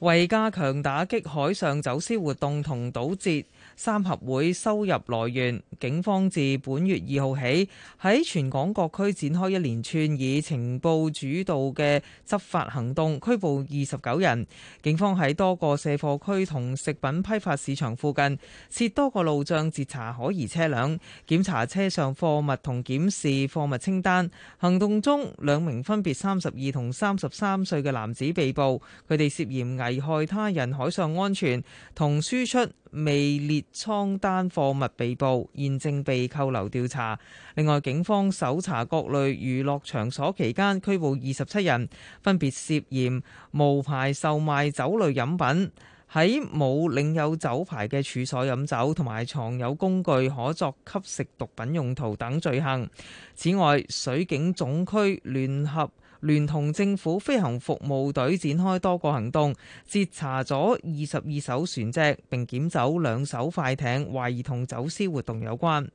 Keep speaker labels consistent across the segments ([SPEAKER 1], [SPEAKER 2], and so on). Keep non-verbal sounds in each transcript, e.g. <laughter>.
[SPEAKER 1] 為加強打擊海上走私活動同堵截三合會收入來源，警方自本月二號起喺全港各區展開一連串以情報主導嘅執法行動，拘捕二十九人。警方喺多個卸貨區同食品批發市場附近設多個路障截查可疑車輛，檢查車上貨物同檢視貨物清單。行動中，兩名分別三十二同三十三歲嘅男子被捕，佢哋涉嫌偽危害他人海上安全同輸出未列倉單貨物被捕，現正被扣留調查。另外，警方搜查各類娛樂場所期間拘捕二十七人，分別涉嫌無牌售賣酒類飲品、喺冇領有酒牌嘅處所飲酒，同埋藏有工具可作吸食毒品用途等罪行。此外，水警總區聯合聯同政府飛行服務隊展開多個行動，截查咗二十二艘船隻，並檢走兩艘快艇，懷疑同走私活動有關。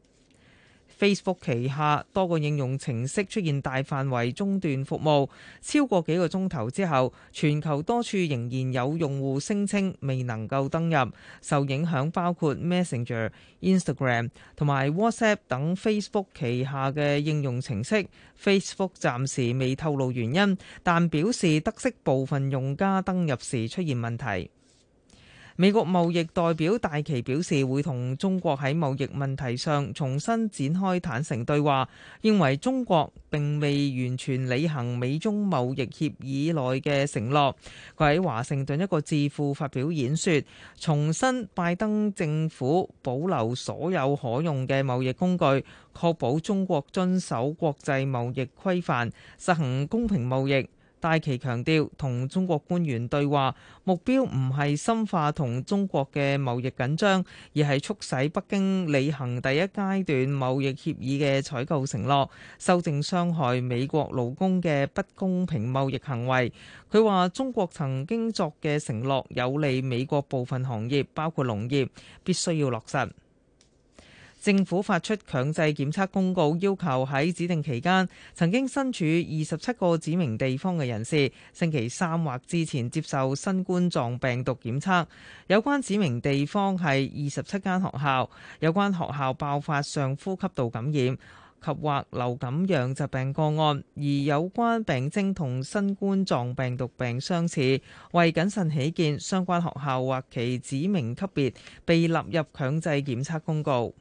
[SPEAKER 1] Facebook 旗下多個應用程式出現大範圍中斷服務，超過幾個鐘頭之後，全球多處仍然有用戶聲稱未能夠登入。受影響包括 Messenger、Instagram 同埋 WhatsApp 等 Facebook 旗下嘅應用程式。Facebook 暫時未透露原因，但表示得悉部分用家登入時出現問題。美國貿易代表戴琪表示會同中國喺貿易問題上重新展開坦誠對話，認為中國並未完全履行美中貿易協議內嘅承諾。佢喺華盛頓一個智庫發表演說，重申拜登政府保留所有可用嘅貿易工具，確保中國遵守國際貿易規範，實行公平貿易。戴奇強調，同中國官員對話，目標唔係深化同中國嘅貿易緊張，而係促使北京履行第一階段貿易協議嘅採購承諾，修正傷害美國勞工嘅不公平貿易行為。佢話：中國曾經作嘅承諾有利美國部分行業，包括農業，必須要落實。政府發出強制檢測公告，要求喺指定期間曾經身處二十七個指明地方嘅人士，星期三或之前接受新冠狀病毒檢測。有關指明地方係二十七間學校，有關學校爆發上呼吸道感染及或流感樣疾病個案，而有關病徵同新冠狀病毒病相似，為謹慎起見，相關學校或其指明級別被納入強制檢測公告。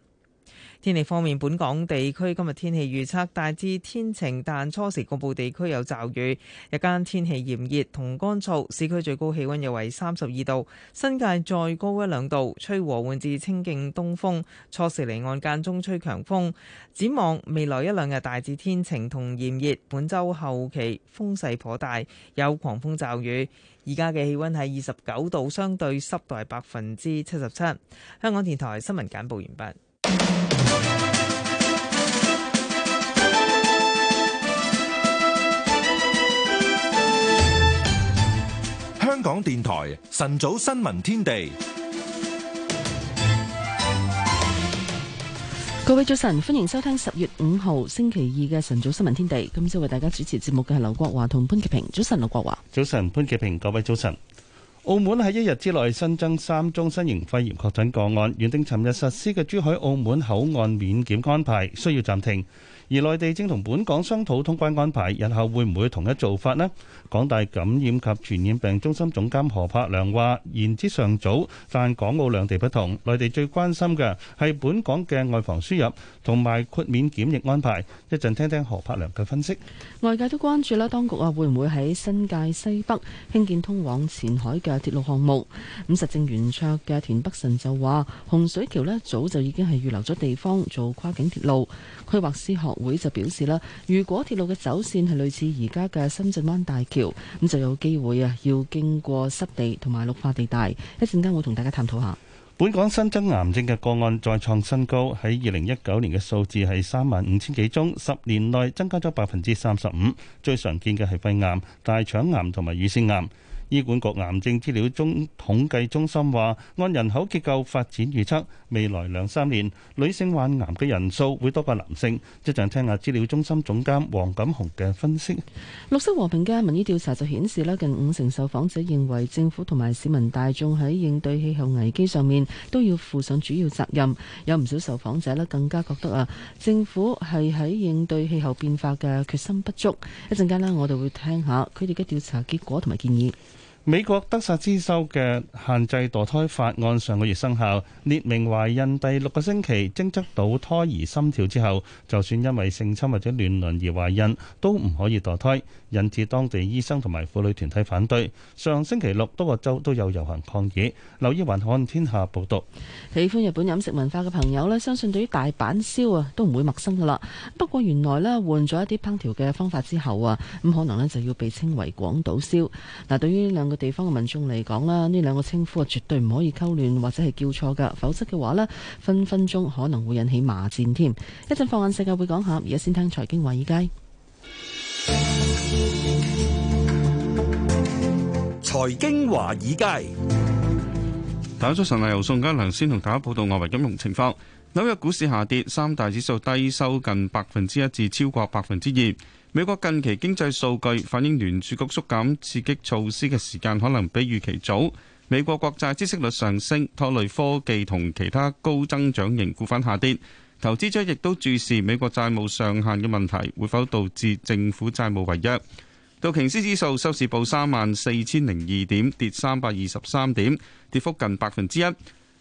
[SPEAKER 1] 天氣方面，本港地區今日天氣預測大致天晴，但初時局部地區有驟雨。日間天氣炎熱同乾燥，市區最高氣溫約為三十二度，新界再高一兩度。吹和緩至清勁東風，初時離岸間中吹強風。展望未來一兩日大致天晴同炎熱，本周後期風勢頗大，有狂風驟雨。而家嘅氣溫係二十九度，相對濕度係百分之七十七。香港電台新聞簡報完畢。
[SPEAKER 2] 港電台晨早新聞天地，
[SPEAKER 3] 各位早晨，歡迎收聽十月五號星期二嘅晨早新聞天地。今朝為大家主持節目嘅係劉國華同潘潔平。早晨，劉國華。
[SPEAKER 4] 早晨，潘潔平。各位早晨。澳門喺一日之內新增三宗新型肺炎確診個案，原定尋日實施嘅珠海澳門口岸免檢安排需要暫停。而內地正同本港商討通關安排，日後會唔會同一做法呢？港大感染及傳染病中心總監何柏良話：言之尚早，但港澳兩地不同，內地最關心嘅係本港嘅外防輸入同埋豁免檢疫安排。一陣聽聽何柏良嘅分析。
[SPEAKER 3] 外界都關注咧，當局啊會唔會喺新界西北興建通往前海嘅鐵路項目？咁實政圓桌嘅田北辰就話：洪水橋咧早就已經係預留咗地方做跨境鐵路。規劃師學會就表示啦，如果鐵路嘅走線係類似而家嘅深圳灣大橋，咁就有機會啊，要經過濕地同埋綠化地帶。一陣間我同大家探討下。
[SPEAKER 4] 本港新增癌症嘅個案再創新高，喺二零一九年嘅數字係三萬五千幾宗，十年內增加咗百分之三十五。最常見嘅係肺癌、大腸癌同埋乳腺癌。醫管局癌症資料中統計中心話，按人口結構發展預測，未來兩三年女性患癌嘅人數會多過男性。一陣聽下資料中心總監黃錦雄嘅分析。
[SPEAKER 3] 綠色和平嘅民意調查就顯示咧，近五成受訪者認為政府同埋市民大眾喺應對氣候危機上面都要負上主要責任。有唔少受訪者咧更加覺得啊，政府係喺應對氣候變化嘅決心不足。一陣間咧，我哋會聽下佢哋嘅調查結果同埋建議。
[SPEAKER 4] 美國德薩斯州嘅限制墮胎法案上個月生效，列明懷孕第六個星期偵測到胎兒心跳之後，就算因為性侵或者亂倫而懷孕都唔可以墮胎，引致當地醫生同埋婦女團體反對。上星期六多個州都有遊行抗議。
[SPEAKER 3] 留意環看天下報道。喜歡日本飲食文化嘅朋友咧，相信對於大阪燒啊都唔會陌生噶啦。不過原來咧換咗一啲烹調嘅方法之後啊，咁可能咧就要被稱為廣島燒。嗱，對於兩個地方嘅民眾嚟講啦，呢兩個稱呼絕對唔可以溝亂或者係叫錯噶，否則嘅話咧，分分鐘可能會引起罵戰添。一陣放眼世界會講下，而家先聽財經華爾街。
[SPEAKER 2] 財經華爾街，
[SPEAKER 5] 大家早晨啊，由宋嘉良先同大家報道外圍金融情況。紐約股市下跌，三大指數低收近百分之一至超過百分之二。美國近期經濟數據反映聯儲局縮減刺激措施嘅時間可能比預期早。美國國債孳息率上升，拖累科技同其他高增長型股份下跌。投資者亦都注視美國債務上限嘅問題，會否導致政府債務違約？道瓊斯指數收市報三萬四千零二點，跌三百二十三點，跌幅近百分之一。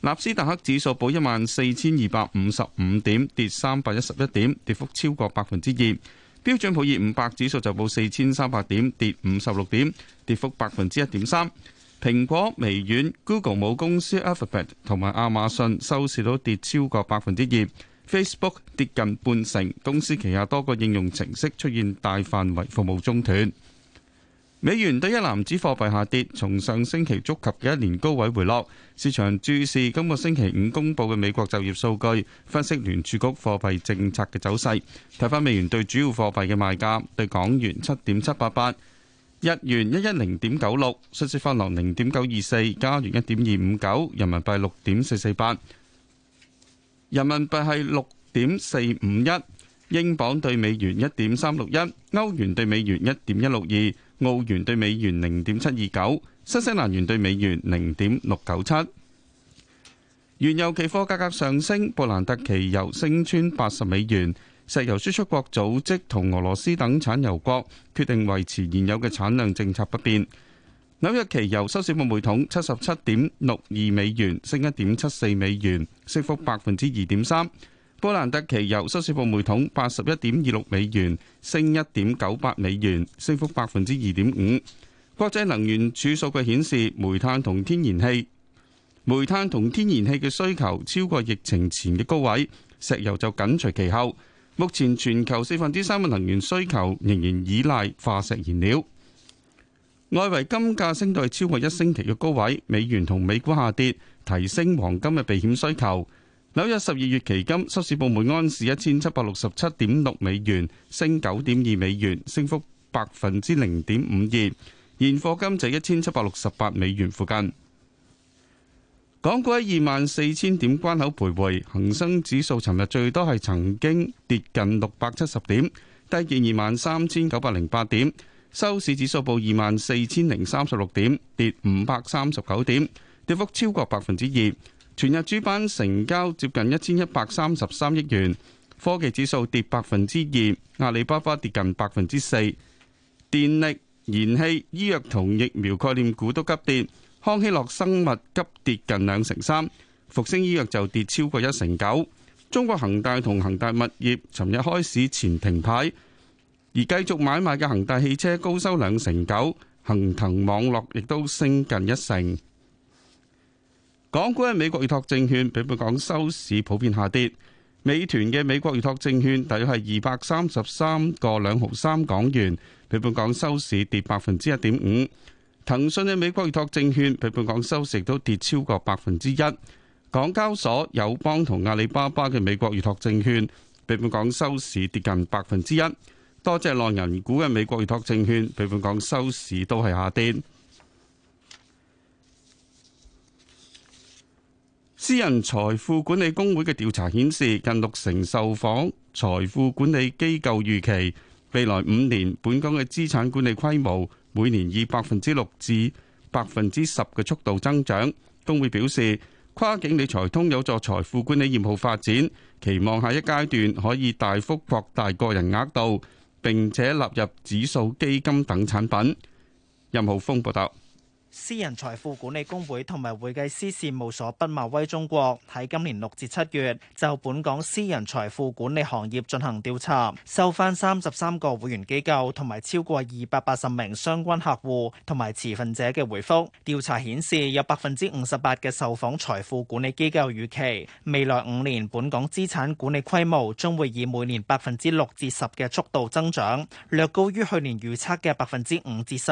[SPEAKER 5] 納斯達克指數報一萬四千二百五十五點，跌三百一十一點，跌幅超過百分之二。標準普爾五百指數就報四千三百點，跌五十六點，跌幅百分之一點三。蘋果、微軟、Google 母公司 Alphabet 同埋亞馬遜收市都跌超過百分之二，Facebook 跌近半成，公司旗下多個應用程式出現大範圍服務中斷。美元對一籃子貨幣下跌，從上星期觸及嘅一年高位回落。市場注視今個星期五公布嘅美國就業數據，分析聯儲局貨幣政策嘅走勢。睇返美元對主要貨幣嘅賣價：對港元七點七八八，日元一一零點九六，瑞士法郎零點九二四，加元一點二五九，人民幣六點四四八，人民幣係六點四五一，英鎊對美元一點三六一，歐元對美元一點一六二。澳元兌美元零點七二九，新西蘭元兌美元零點六九七。原油期貨價格上升，布蘭特期油升穿八十美元。石油輸出國組織同俄羅斯等產油國決定維持現有嘅產量政策不變。紐約期油收市報每桶七十七點六二美元，升一點七四美元，升幅百分之二點三。波蘭特奇油收市報每桶八十一點二六美元，升一點九八美元，升幅百分之二點五。國際能源署數據顯示煤，煤炭同天然氣，煤炭同天然氣嘅需求超過疫情前嘅高位，石油就緊隨其後。目前全球四分之三嘅能源需求仍然依賴化石燃料。外圍金價升到係超過一星期嘅高位，美元同美股下跌，提升黃金嘅避險需求。紐約十二月期金收市部門安士一千七百六十七點六美元，升九點二美元，升幅百分之零點五二。現貨金就一千七百六十八美元附近。港股喺二萬四千點關口徘徊，恒生指數尋日最多係曾經跌近六百七十點，低見二萬三千九百零八點，收市指數報二萬四千零三十六點，跌五百三十九點，跌幅超過百分之二。全日主板成交接近一千一百三十三億元，科技指數跌百分之二，阿里巴巴跌近百分之四，電力、燃氣、醫藥同疫苗概念股都急跌，康希諾生物急跌近兩成三，復星醫藥就跌超過一成九，中國恒大同恒大物業尋日開市前停牌，而繼續買賣嘅恒大汽車高收兩成九，恒騰網絡亦都升近一成。港股嘅美國預託證券，比本港收市普遍下跌。美團嘅美國預託證券，大約係二百三十三個兩毫三港元，比本港收市跌百分之一點五。騰訊嘅美國預託證券，比本港收市亦都跌超過百分之一。港交所、友邦同阿里巴巴嘅美國預託證券，比本港收市跌近百分之一。多隻浪人股嘅美國預託證券，比本港收市都係下跌。私人財富管理公會嘅調查顯示，近六成受訪財富管理機構預期未來五年本港嘅資產管理規模每年以百分之六至百分之十嘅速度增長。公會表示，跨境理財通有助財富管理業務發展，期望下一階段可以大幅擴大個人額度，並且納入指數基金等產品。任浩峰報道。
[SPEAKER 6] 私人財富管理公會同埋會計師事務所畢馬威中國喺今年六至七月就本港私人財富管理行業進行調查，收翻三十三個會員機構同埋超過二百八十名相關客戶同埋持份者嘅回覆。調查顯示，有百分之五十八嘅受訪財富管理機構預期未來五年本港資產管理規模將會以每年百分之六至十嘅速度增長，略高於去年預測嘅百分之五至十。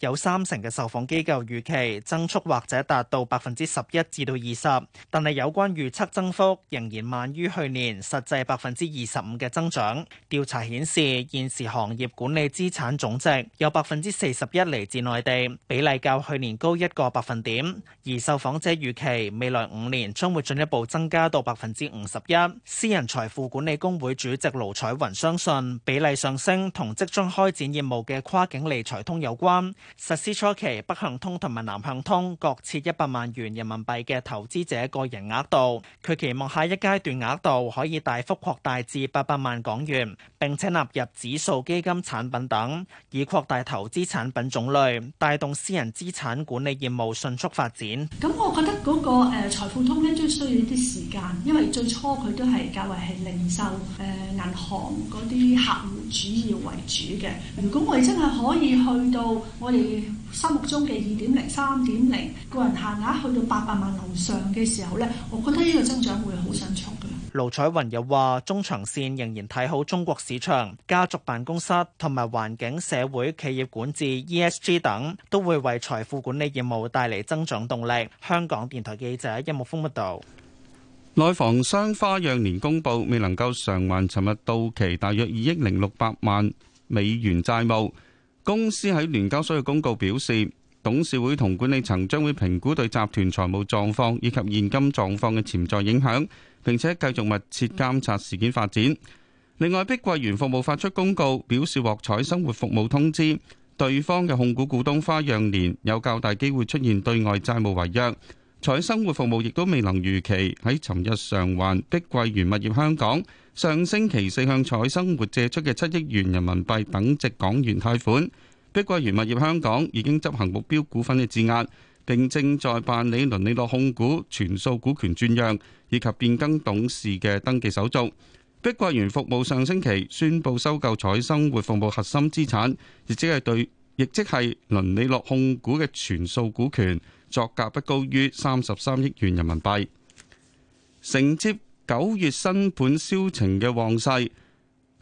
[SPEAKER 6] 有三成嘅受訪機構就預期增速或者達到百分之十一至到二十，但係有關預測增幅仍然慢於去年實際百分之二十五嘅增長。調查顯示現時行業管理資產總值有百分之四十一嚟自內地，比例較去年高一個百分點。而受訪者預期未來五年將會進一步增加到百分之五十一。私人財富管理公會主席盧彩雲相信比例上升同即將開展業務嘅跨境理財通有關。實施初期不幸通同埋南向通各設一百萬元人民幣嘅投資者個人額度，佢期望下一階段額度可以大幅擴大至八百萬港元，並且納入指數基金產品等，以擴大投資產品種類，帶動私人資產管理業務迅速發展。
[SPEAKER 7] 咁我覺得嗰個誒財富通咧，都需要一啲時間，因為最初佢都係較為係零售誒銀行嗰啲客戶主要為主嘅。如果我哋真係可以去到我哋心目中嘅，點零三點
[SPEAKER 8] 零個人限額去到八百萬樓上嘅時候
[SPEAKER 6] 咧，我覺得呢個增長會好迅速嘅。盧彩雲又話：中長線仍然睇好中國市場、家族辦公室同埋環境社會企業管治 （ESG） 等，都會為財富管理業務帶嚟增長動力。香港電台記者一木豐報道：
[SPEAKER 5] 內房商花樣年公佈未能夠償還尋日到期大約二億零六百萬美元債務，公司喺聯交所嘅公告表示，董事會同管理層將會評估對集團財務狀況以及現金狀況嘅潛在影響，並且繼續密切監察事件發展。另外，碧桂園服務發出公告表示獲彩生活服務通知，對方嘅控股股東花樣年有較大機會出現對外債務違約。彩生活服務亦都未能如期喺尋日償還碧桂園物業香港上星期四向彩生活借出嘅七億元人民幣等值港元貸款。碧桂園物業香港已經執行目標股份嘅質押，並正在辦理倫理樂控股全數股權轉讓以及變更董事嘅登記手續。碧桂園服務上星期宣布收購彩生活服務核心資產，亦即係對，亦即係倫理樂控股嘅全數股權，作價不高於三十三億元人民幣。承接九月新盤銷情嘅旺勢，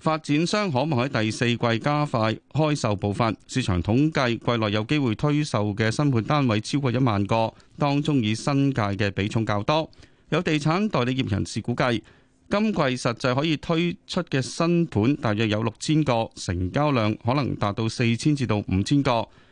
[SPEAKER 5] 發展商可望喺第四季加快開售步伐。市場統計，季內有機會推售嘅新盤單位超過一萬個，當中以新界嘅比重較多。有地產代理業人士估計，今季實際可以推出嘅新盤大約有六千個，成交量可能達到四千至到五千個。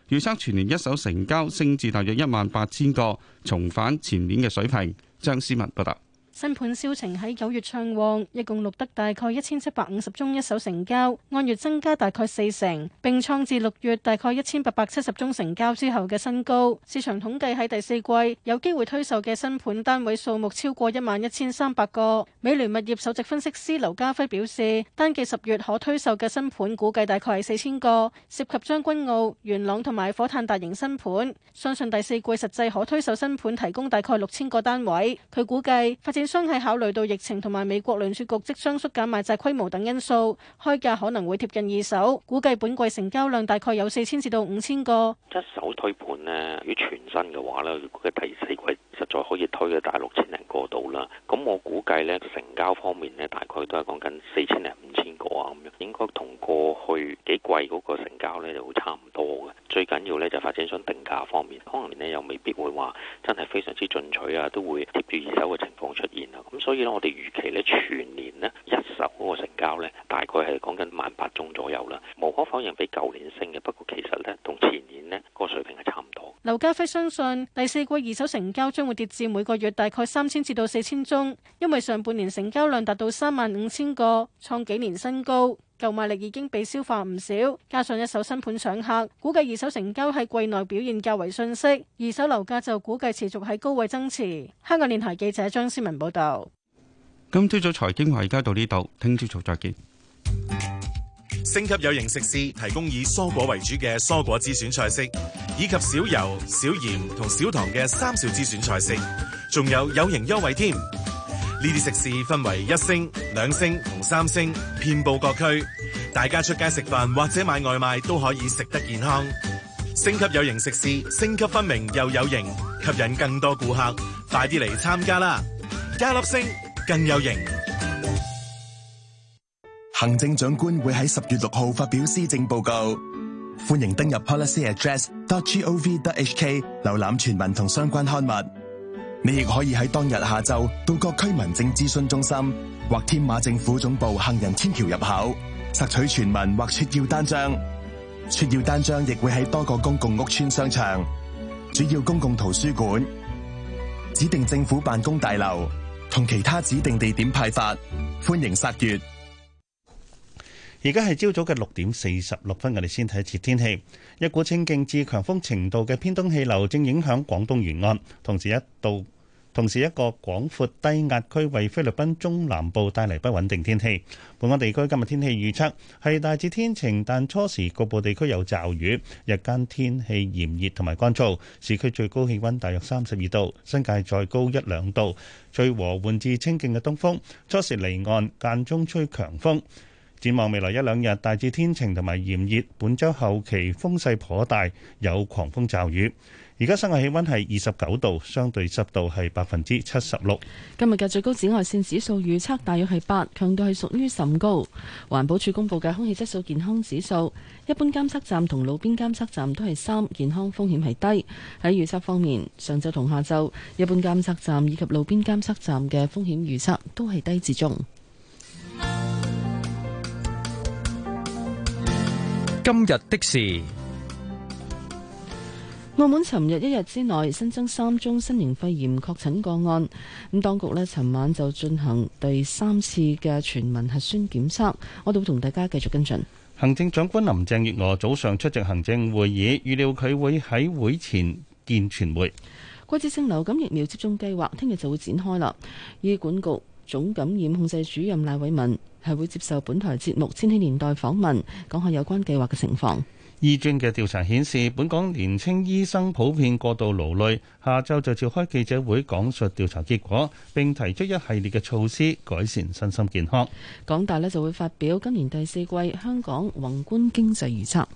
[SPEAKER 5] 預測全年一手成交升至大約一萬八千個，重返前年嘅水平。張思文報道。
[SPEAKER 8] 新盤銷情喺九月暢旺，一共錄得大概一千七百五十宗一手成交，按月增加大概四成，並創至六月大概一千八百七十宗成交之後嘅新高。市場統計喺第四季有機會推售嘅新盤單位數目超過一萬一千三百個。美聯物業首席分析師劉家輝表示，單計十月可推售嘅新盤估計大概係四千個，涉及將軍澳、元朗同埋火炭大型新盤。相信第四季實際可推售新盤提供大概六千個單位。佢估計發展。相係考慮到疫情同埋美國聯儲局即將縮減買債規模等因素，開價可能會貼近二手，估計本季成交量大概有四千至到五千個。
[SPEAKER 2] 一手推盤咧，如果全新嘅話咧，佢第四季。實在可以推嘅大六千零個度啦，咁我估計咧成交方面咧大概都係講緊四千零五千個啊，咁樣，應該同過去幾季嗰個成交咧就會差唔多嘅。最緊要咧就發展商定價方面，可能咧又未必會話真係非常之進取啊，都會貼住二手嘅情況出現啦。咁所以咧，我哋預期咧全年咧一手嗰個成交咧大概係講緊萬八宗左右啦。無可否認比舊年升嘅，不過其實咧同前年咧個水平係差唔多。
[SPEAKER 8] 劉家輝相信第四季二手成交將跌至每個月大概三千至到四千宗，因為上半年成交量達到三萬五千個，創幾年新高，購買力已經被消化唔少，加上一手新盤上客，估計二手成交喺季內表現較為遜色，二手樓價就估計持續喺高位增持。香港電台記者張思文報道。
[SPEAKER 5] 今朝早財經話而家到呢度，聽朝早再見。
[SPEAKER 9] 星級有營食肆提供以蔬果為主嘅蔬果之選菜式，以及少油、少鹽同少糖嘅三少之選菜式，仲有有營優惠添。呢啲食肆分為一星、兩星同三星，遍布各區，大家出街食飯或者買外賣都可以食得健康。星級有營食肆，星級分明又有營，吸引更多顧客，快啲嚟參加啦！加粒星更有營。
[SPEAKER 4] 行政長官會喺十月六號發表施政報告，歡迎登入
[SPEAKER 9] policyaddress.gov.hk 瀏覽全文同相關刊物。你亦可以喺當日下晝到各區民政諮詢中心或添馬政府總部行人天橋入口，索取全文或摘要單張。摘要單張亦
[SPEAKER 4] 會喺多個公共屋邨、商場、主要公共圖書館、指定政府辦公大樓同其他指定地點派發，歡迎十月。而家係朝早嘅六點四十六分，我哋先睇一次天氣。一股清勁至強風程度嘅偏東氣流正影響廣東沿岸，同時一度同時一個廣闊低壓區為菲律賓中南部帶嚟不穩定天氣。本港地區今日天，天氣預測係大致天晴，但初時局部地區有驟雨，日間天氣炎熱同埋乾燥，市區最高氣温大約三十二度，新界再高一兩度。吹和緩至清勁嘅東風初時離岸，間中吹強風。展望未來一兩日，大致天晴同埋炎熱。本週後期風勢頗大，有狂風驟雨。而家室外氣溫係二十九度，相對濕度係百分之七十六。
[SPEAKER 3] 今日嘅最高紫外線指數預測大約係八，強度係屬於甚高。環保署公布嘅空氣質素健康指數，一般監測站同路邊監測站都係三，健康風險係低。喺預測方面，上晝同下晝，一般監測站以及路邊監測站嘅風險預測都係低至中。
[SPEAKER 1] 今日的事，
[SPEAKER 3] 澳門尋日一日之內新增三宗新型肺炎確診個案，咁當局呢尋晚就進行第三次嘅全民核酸檢測，我哋會同大家繼續跟進。
[SPEAKER 4] 行政長官林鄭月娥早上出席行政會議，預料佢會喺會前見傳媒。
[SPEAKER 3] 季節性流感疫苗接種計劃聽日就會展開啦，醫管局。總感染控制主任賴偉文係會接受本台節目《千禧年代》訪問，講下有關計劃嘅情況。
[SPEAKER 4] 醫專嘅調查顯示，本港年輕醫生普遍過度勞累，下周就召開記者會講述調查結果，並提出一系列嘅措施改善身心健康。
[SPEAKER 3] 港大呢就會發表今年第四季香港宏觀經濟預測。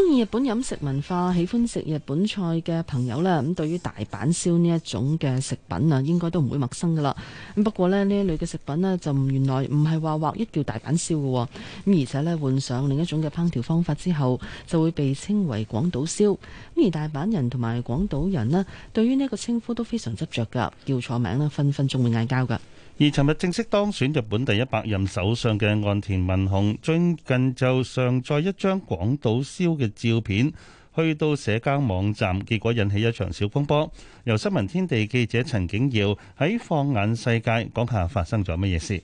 [SPEAKER 3] 中意日本飲食文化、喜歡食日本菜嘅朋友呢，咁對於大阪燒呢一種嘅食品啊，應該都唔會陌生噶啦。咁不過呢，呢一類嘅食品呢，就唔原來唔係話劃一叫大阪燒嘅喎，咁而且呢，換上另一種嘅烹調方法之後，就會被稱為廣島燒。咁而大阪人同埋廣島人呢，對於呢個稱呼都非常執着噶，叫錯名咧分分鐘會嗌交噶。
[SPEAKER 4] 而尋日正式當選日本第一百任首相嘅岸田文雄，最近就上載一張廣島燒嘅照片，去到社交網站，結果引起一場小風波。由新聞天地記者陳景耀喺放眼世界講下發生咗乜嘢事。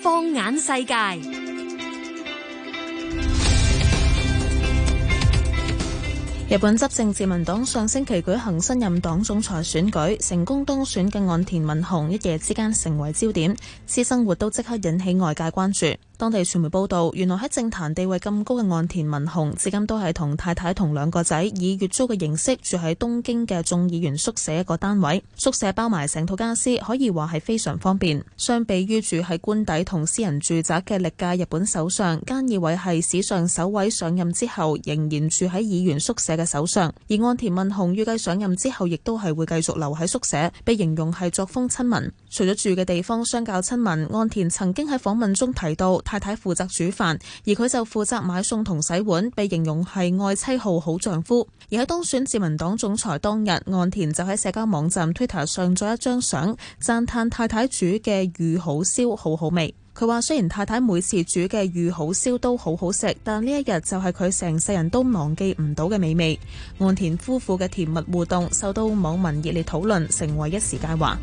[SPEAKER 10] 放眼世界。
[SPEAKER 11] 日本執政自民黨上星期舉行新任黨總裁選舉，成功當選嘅岸田文雄一夜之間成為焦點，私生活都即刻引起外界關注。當地傳媒報導，原來喺政壇地位咁高嘅岸田文雄，至今都係同太太同兩個仔以月租嘅形式住喺東京嘅眾議員宿舍一個單位，宿舍包埋成套家私，可以話係非常方便。相比於住喺官邸同私人住宅嘅歷屆日本首相，菅義偉係史上首位上任之後仍然住喺議員宿舍嘅首相。而岸田文雄預計上任之後，亦都係會繼續留喺宿舍，被形容係作風親民。除咗住嘅地方相較親民，岸田曾經喺訪問中提到。太太負責煮飯，而佢就負責買餸同洗碗，被形容係愛妻號好丈夫。而喺當選自民黨總裁當日，岸田就喺社交網站 Twitter 上咗一張相，讚歎太太煮嘅御好燒好好味。佢話：雖然太太每次煮嘅御好燒都好好食，但呢一日就係佢成世人都忘記唔到嘅美味。岸田夫婦嘅甜蜜互動受到網民熱烈討論，成為一時佳話。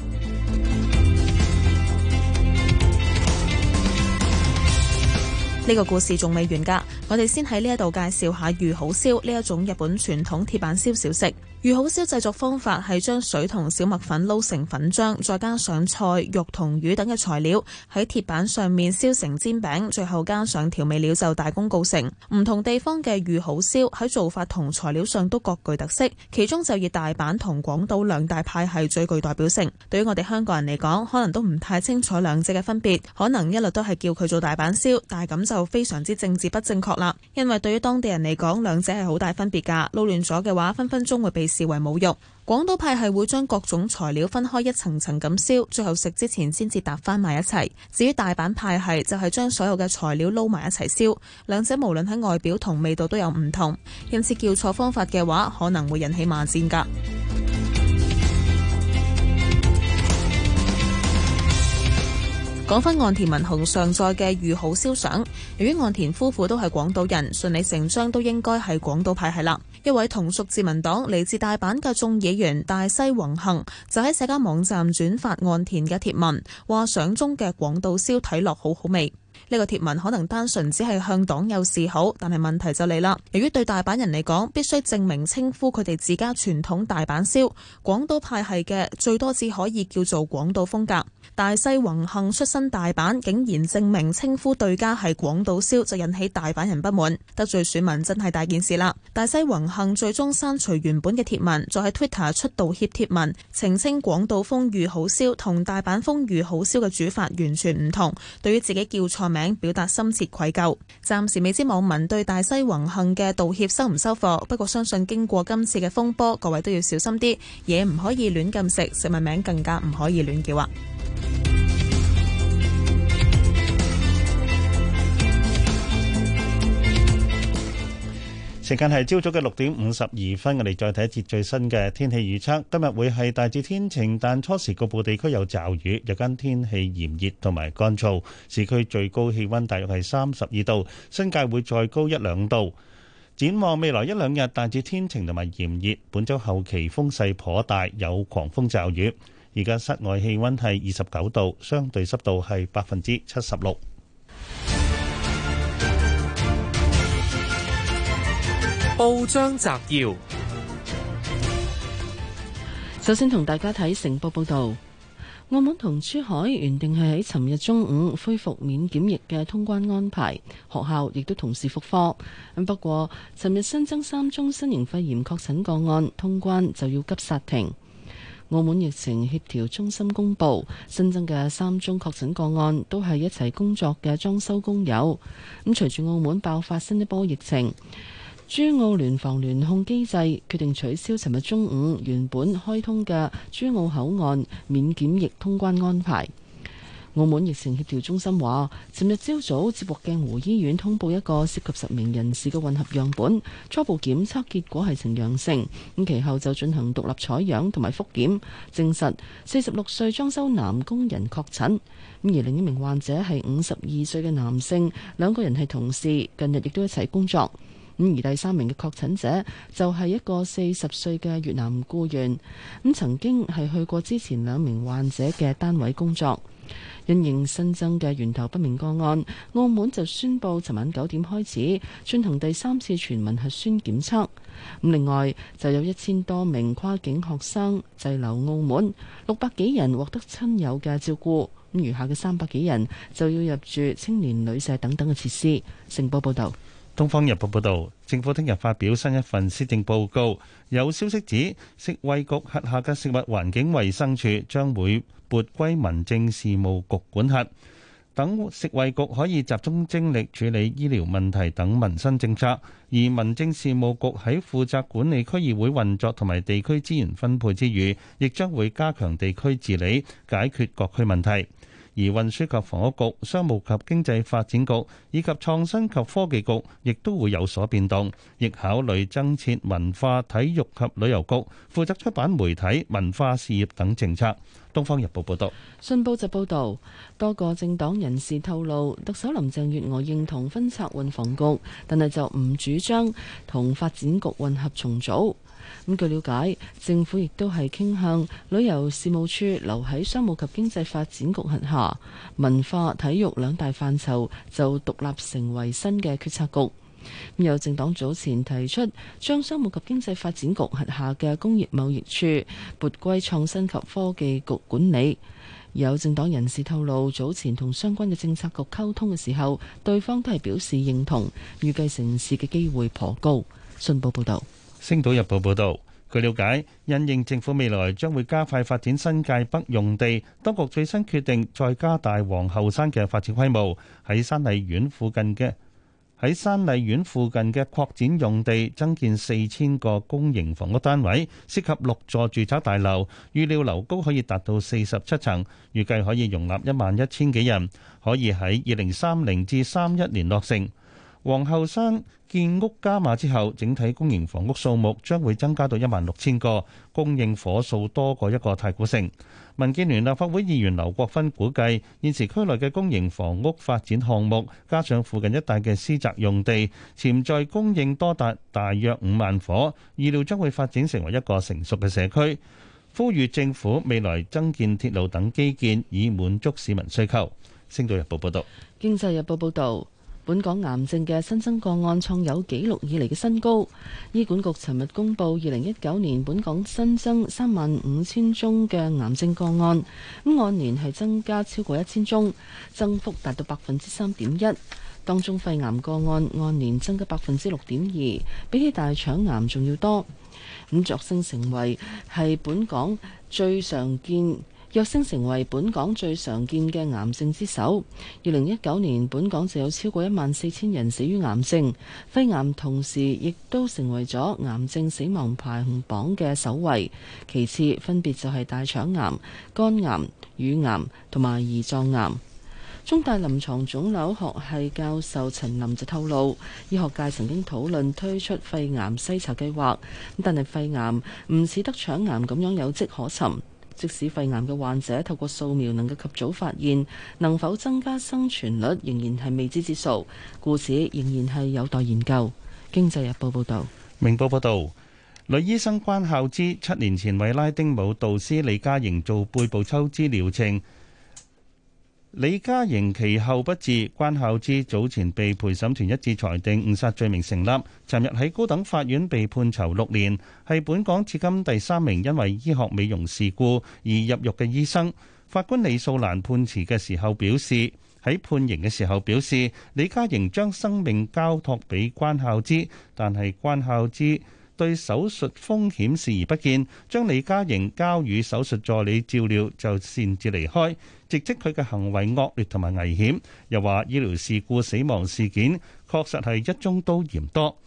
[SPEAKER 11] 呢個故事仲未完㗎，我哋先喺呢一度介紹下御好燒呢一種日本傳統鐵板燒小食。御好燒製作方法係將水同小麥粉撈成粉漿，再加上菜、肉同魚等嘅材料喺鐵板上面燒成煎餅，最後加上調味料就大功告成。唔同地方嘅御好燒喺做法同材料上都各具特色，其中就以大阪同廣島兩大派系最具代表性。對於我哋香港人嚟講，可能都唔太清楚兩者嘅分別，可能一律都係叫佢做大阪燒，但係咁就非常之政治不正確啦，因為對於當地人嚟講，兩者係好大分別㗎，撈亂咗嘅話，分分鐘會被。視為侮辱。廣島派系會將各種材料分開一層層咁燒，最後食之前先至搭翻埋一齊。至於大阪派系就係將所有嘅材料撈埋一齊燒，兩者無論喺外表同味道都有唔同。因此，叫錯方法嘅話，可能會引起罵戰㗎。講翻岸田文雄上載嘅御好燒相，由於岸田夫婦都係廣島人，順理成章都應該係廣島派系啦。一位同屬自民黨、嚟自大阪嘅眾議員大西宏幸就喺社交網站轉發岸田嘅貼文，話相中嘅廣島燒睇落好好味。呢、這個貼文可能單純只係向黨友示好，但係問題就嚟啦。由於對大阪人嚟講，必須證明稱呼佢哋自家傳統大阪燒，廣島派系嘅最多只可以叫做廣島風格。大西宏幸出身大阪，竟然證明稱呼對家係廣島燒，就引起大阪人不滿，得罪選民真係大件事啦。大西宏幸最終刪除原本嘅帖文，再喺 Twitter 出道歉帖文，澄清廣島風雨好燒同大阪風雨好燒嘅煮法完全唔同，對於自己叫錯名，表達深切愧疚。暫時未知網民對大西宏幸嘅道歉收唔收貨，不過相信經過今次嘅風波，各位都要小心啲，嘢唔可以亂咁食，食物名更加唔可以亂叫啊！
[SPEAKER 4] 時間係朝早嘅六點五十二分，我哋再睇一節最新嘅天氣預測。今日會係大致天晴，但初時局部地區有驟雨。日間天氣炎熱同埋乾燥，市區最高氣溫大約係三十二度，新界會再高一兩度。展望未來一兩日，大致天晴同埋炎熱。本周後期風勢頗大，有狂風驟雨。而家室外氣溫係二十九度，相對濕度係百分之七十六。
[SPEAKER 12] 報章
[SPEAKER 9] 摘要，
[SPEAKER 3] 首先同大家睇成報報道。澳門同珠海原定係喺尋日中午恢復免檢疫嘅通關安排，學校亦都同時復課。咁不過，尋日新增三宗新型肺炎確診個案，通關就要急煞停。澳門疫情協調中心公佈新增嘅三宗確診個案，都係一齊工作嘅裝修工友。咁隨住澳門爆發新一波疫情。珠澳聯防聯控機制決定取消，尋日中午原本開通嘅珠澳口岸免檢疫通關安排。澳門疫情協調中心話，尋日朝早接獲鏡湖醫院通報一個涉及十名人士嘅混合樣本，初步檢測結果係呈陽性，咁其後就進行獨立採樣同埋復檢，證實四十六歲裝修男工人確診，而另一名患者係五十二歲嘅男性，兩個人係同事，近日亦都一齊工作。咁而第三名嘅確診者就係一個四十歲嘅越南僱員，咁曾經係去過之前兩名患者嘅單位工作。因應新增嘅源頭不明個案，澳門就宣布尋晚九點開始進行第三次全民核酸檢測。咁另外就有一千多名跨境學生滯留澳門，六百幾人獲得親友嘅照顧，咁餘下嘅三百幾人就要入住青年旅舍等等嘅設施。成報報道。
[SPEAKER 4] 《東方日報》報道，政府聽日發表新一份施政報告，有消息指食衛局轄下嘅食物環境衞生署將會撥歸民政事務局管轄，等食衛局可以集中精力處理醫療問題等民生政策，而民政事務局喺負責管理區議會運作同埋地區資源分配之餘，亦將會加強地區治理，解決各區問題。而運輸及房屋局、商務及經濟發展局以及創新及科技局，亦都會有所變動，亦考慮增設文化、體育及旅遊局，負責出版媒體、文化事業等政策。《東方日報》報道，
[SPEAKER 3] 《信報》就報導，多個政黨人士透露，特首林鄭月娥認同分拆運房局，但係就唔主張同發展局混合重組。咁據了解，政府亦都係傾向旅遊事務處留喺商務及經濟發展局轄下，文化、體育兩大範疇就獨立成為新嘅決策局。有政黨早前提出將商務及經濟發展局轄下嘅工業貿易處撥歸創新及科技局管理。有政黨人士透露，早前同相關嘅政策局溝通嘅時候，對方都係表示認同，預計成事嘅機會頗高。信報報導。
[SPEAKER 4] 星島日報報道，據了解，因應政府未來將會加快發展新界北用地，當局最新決定再加大皇后山嘅發展規模。喺山麗苑附近嘅喺山麗苑附近嘅擴展用地，增建四千個公營房屋單位，涉及六座住宅大樓，預料樓高可以達到四十七層，預計可以容納一萬一千幾人，可以喺二零三零至三一年落成。皇后山建屋加碼之後，整體公營房屋數目將會增加到一萬六千個，供應伙數多過一個太古城。民建聯立法會議員劉國勳估計，現時區內嘅公營房屋發展項目，加上附近一帶嘅私宅用地，潛在供應多達大約五萬伙，意料將會發展成為一個成熟嘅社區。呼籲政府未來增建鐵路等基建，以滿足市民需求。星島日報報道，
[SPEAKER 3] 經濟日報報道。本港癌症嘅新增個案創有紀錄以嚟嘅新高，醫管局尋日公布，二零一九年本港新增三萬五千宗嘅癌症個案，咁按年係增加超過一千宗，增幅達到百分之三點一。當中肺癌個案按年增加百分之六點二，比起大腸癌仲要多，咁躍升成為係本港最常見。，肉癌成為本港最常見嘅癌症之首。二零一九年，本港就有超過一萬四千人死於癌症。肺癌同時亦都成為咗癌症死亡排行榜嘅首位。其次分別就係大腸癌、肝癌、乳癌同埋胰臟癌。中大臨床腫瘤學系教授陳林就透露，醫學界曾經討論推出肺癌篩查計劃，但係肺癌唔似得腸癌咁樣有跡可尋。即使肺癌嘅患者透過掃描能夠及早發現，能否增加生存率仍然係未知之數，故事仍然係有待研究。經濟日報報導，明報報
[SPEAKER 4] 導，女醫生關孝芝七年前為拉丁舞導師李嘉瑩做背部抽脂療程。李嘉瑩其後不治，關孝之早前被陪審團一致裁定誤殺罪名成立，尋日喺高等法院被判囚六年，係本港至今第三名因為醫學美容事故而入獄嘅醫生。法官李素蘭判詞嘅時候表示，喺判刑嘅時候表示，李嘉瑩將生命交託俾關孝之，但係關孝之。對手術風險視而不見，將李嘉盈交予手術助理照料就擅自離開，直即佢嘅行為惡劣同埋危險。又話醫療事故死亡事件確實係一宗都嫌多。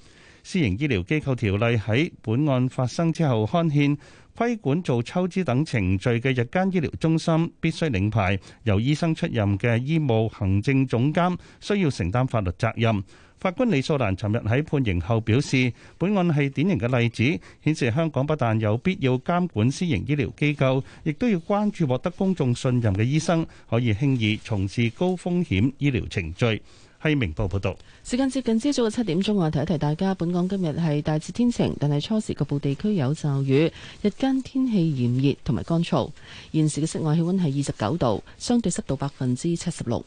[SPEAKER 4] 私營醫療機構條例喺本案發生之後刊憲，規管做抽脂等程序嘅日間醫療中心必須領牌，由醫生出任嘅醫務行政總監需要承擔法律責任。法官李素蘭尋日喺判刑後表示，本案係典型嘅例子，顯示香港不但有必要監管私營醫療機構，亦都要關注獲得公衆信任嘅醫生可以輕易從事高風險醫療程序。係明報報道。
[SPEAKER 3] 時間接近朝早嘅七點鐘，我提一提大家，本港今日係大致天晴，但係初時局部地區有驟雨，日間天氣炎熱同埋乾燥。現時嘅室外氣溫係二十九度，相對濕度百分之七十六。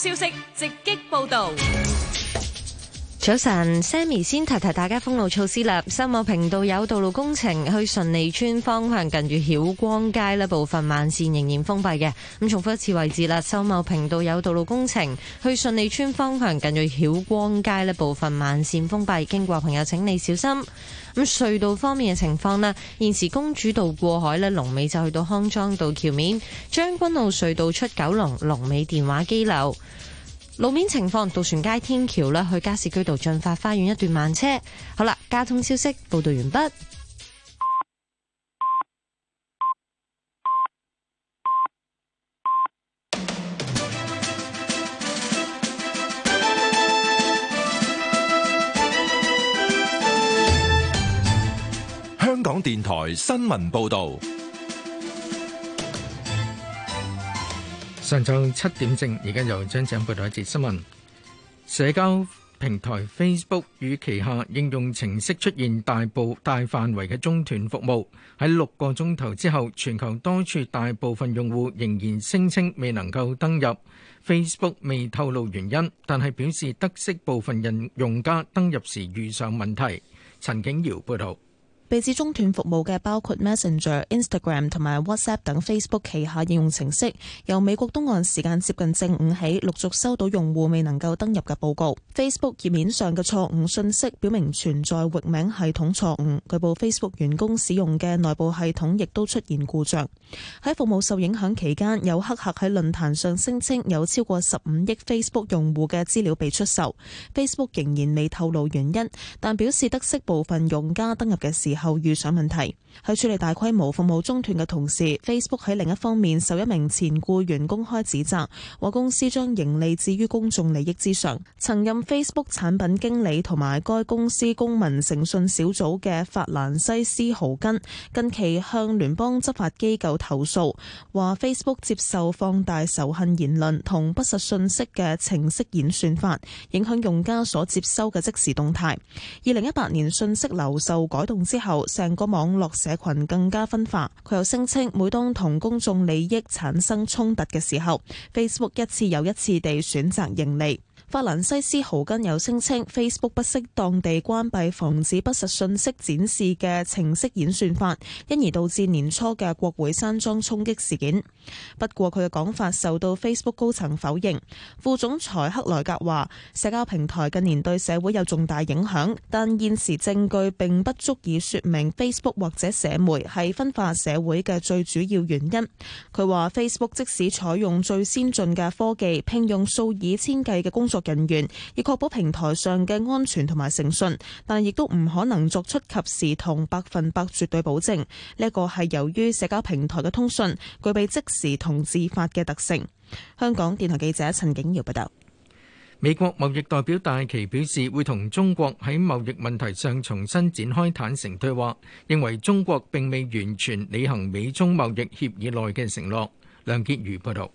[SPEAKER 8] 消息直擊報導。
[SPEAKER 3] 早晨，Sammy 先提
[SPEAKER 10] 提大家封路措施啦。秀茂平道有道路工程，去順利村方向近住曉光街呢部分慢線仍然封閉嘅。咁重複一次位置啦，秀茂平道有道路工程，去順利村方向近住曉光街呢部分慢線封閉，經過朋友請你小心。咁隧道方面嘅情況咧，現時公主道過海呢龍尾就去到康莊道橋面；將軍澳隧道出九龍龍尾，電話機樓。路面情況，渡船街天橋咧，去加士居道駿發花園一段慢車。好啦，交通消息報道完畢。
[SPEAKER 2] 香港電台新聞報道。
[SPEAKER 12] 上晝七點正，而家由張子恩報道一節新聞。社交平台 Facebook 與旗下應用程式出現大規模大範圍嘅中斷服務，喺六個鐘頭之後，全球多處大部分用戶仍然聲稱未能夠登入。Facebook 未透露原因，但係表示得悉部分人用家登入時遇上問題。陳景堯報道。
[SPEAKER 11] 被指中斷服務嘅包括 Messenger、Instagram 同埋 WhatsApp 等 Facebook 旗下應用程式，由美國東岸時間接近正午起陸續收到用戶未能夠登入嘅報告。Facebook 頁面上嘅錯誤信息表明存在域名系統錯誤，據報 Facebook 員工使用嘅內部系統亦都出現故障。喺服務受影響期間，有黑客喺論壇上聲稱有超過十五億 Facebook 用戶嘅資料被出售。Facebook 仍然未透露原因，但表示得悉部分用家登入嘅時。後遇上問題，喺處理大規模服務中斷嘅同時，Facebook 喺另一方面受一名前僱員公開指責，話公司將盈利置於公眾利益之上。曾任 Facebook 產品經理同埋該公司公民誠信小組嘅法蘭西斯·豪根，近期向聯邦執法機構投訴話 Facebook 接受放大仇恨言論同不實信息嘅程式演算法，影響用家所接收嘅即時動態，二零一八年信息流受改動之後後，成個網絡社群更加分化。佢又聲稱，每當同公眾利益產生衝突嘅時候，Facebook 一次又一次地選擇盈利。法蘭西斯·豪根又聲稱 Facebook 不適當地關閉防止不實信息展示嘅程式演算法，因而導致年初嘅國會山莊衝擊事件。不過佢嘅講法受到 Facebook 高層否認。副總裁克萊格話：社交平台近年對社會有重大影響，但現時證據並不足以説明 Facebook 或者社媒係分化社會嘅最主要原因。佢話 Facebook 即使採用最先進嘅科技，聘用數以千計嘅工作。人員，以確保平台上嘅安全同埋誠信，但係亦都唔可能作出及時同百分百絕對保證。呢一個係由於社交平台嘅通訊具備即時同自發嘅特性。香港電台記者陳景瑤報道。
[SPEAKER 12] 美國貿易代表戴琪表示，會同中國喺貿易問題上重新展開坦誠對話，認為中國並未完全履行美中貿易協議內嘅承諾。梁潔如報道。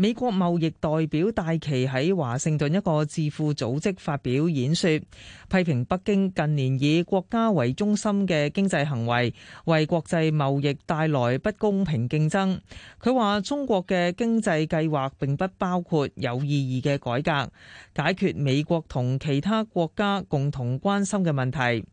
[SPEAKER 1] 美國貿易代表戴琪喺華盛頓一個智庫組織發表演說，批評北京近年以國家為中心嘅經濟行為，為國際貿易帶來不公平競爭。佢話：中國嘅經濟計劃並不包括有意義嘅改革，解決美國同其他國家共同關心嘅問題。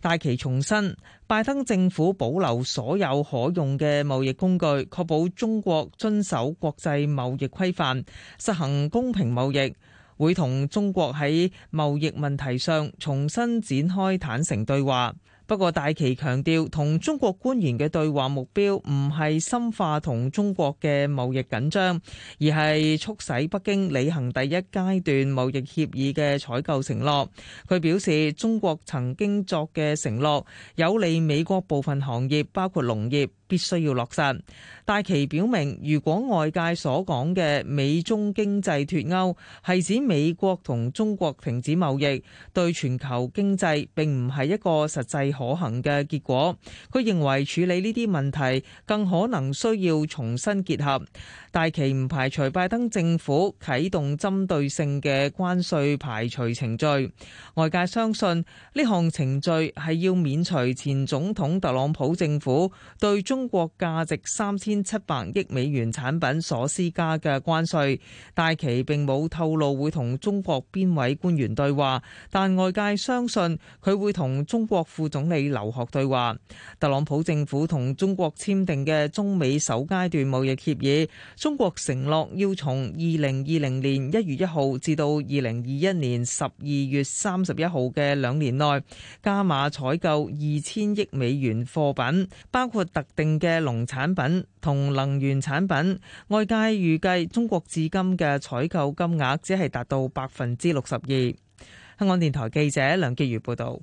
[SPEAKER 1] 戴琪重申，拜登政府保留所有可用嘅貿易工具，確保中國遵守國際貿易規範，實行公平貿易，會同中國喺貿易問題上重新展開坦誠對話。不過，戴琪強調，同中國官員嘅對話目標唔係深化同中國嘅貿易緊張，而係促使北京履行第一階段貿易協議嘅採購承諾。佢表示，中國曾經作嘅承諾有利美國部分行業，包括農業。必須要落實。戴琪表明，如果外界所講嘅美中經濟脫鈎係指美國同中國停止貿易，對全球經濟並唔係一個實際可行嘅結果。佢認為處理呢啲問題更可能需要重新結合。戴琪唔排除拜登政府啟動針對性嘅關稅排除程序。外界相信呢項程序係要免除前總統特朗普政府對中。中國價值三千七百億美元產品所施加嘅關稅，戴琪並冇透露會同中國邊位官員對話，但外界相信佢會同中國副總理劉鶴對話。特朗普政府同中國簽訂嘅中美首階段貿易協議，中國承諾要從二零二零年一月一號至到二零二一年十二月三十一號嘅兩年內，加碼採購二千億美元貨品，包括特定。嘅農產品同能源產品，外界預計中國至今嘅採購金額只係達到百分之六十二。香港電台記者梁潔如報道，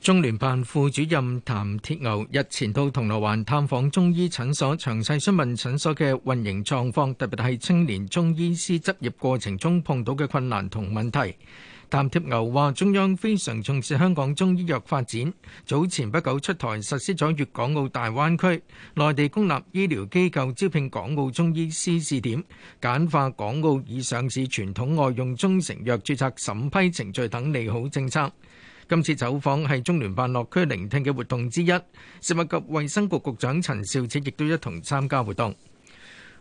[SPEAKER 12] 中聯辦副主任譚鐵牛日前到銅鑼灣探訪中醫診所，詳細詢問診所嘅運營狀況，特別係青年中醫師執業過程中碰到嘅困難同問題。譚鐵牛話：中央非常重視香港中醫藥發展，早前不久出台實施咗粵港澳大灣區內地公立醫療機構招聘港澳中醫師試點，簡化港澳已上市傳統外用中成藥註冊審批程序等利好政策。今次走訪係中聯辦落區聆聽嘅活動之一，食物及衛生局局長陳肇始亦都一同參加活動。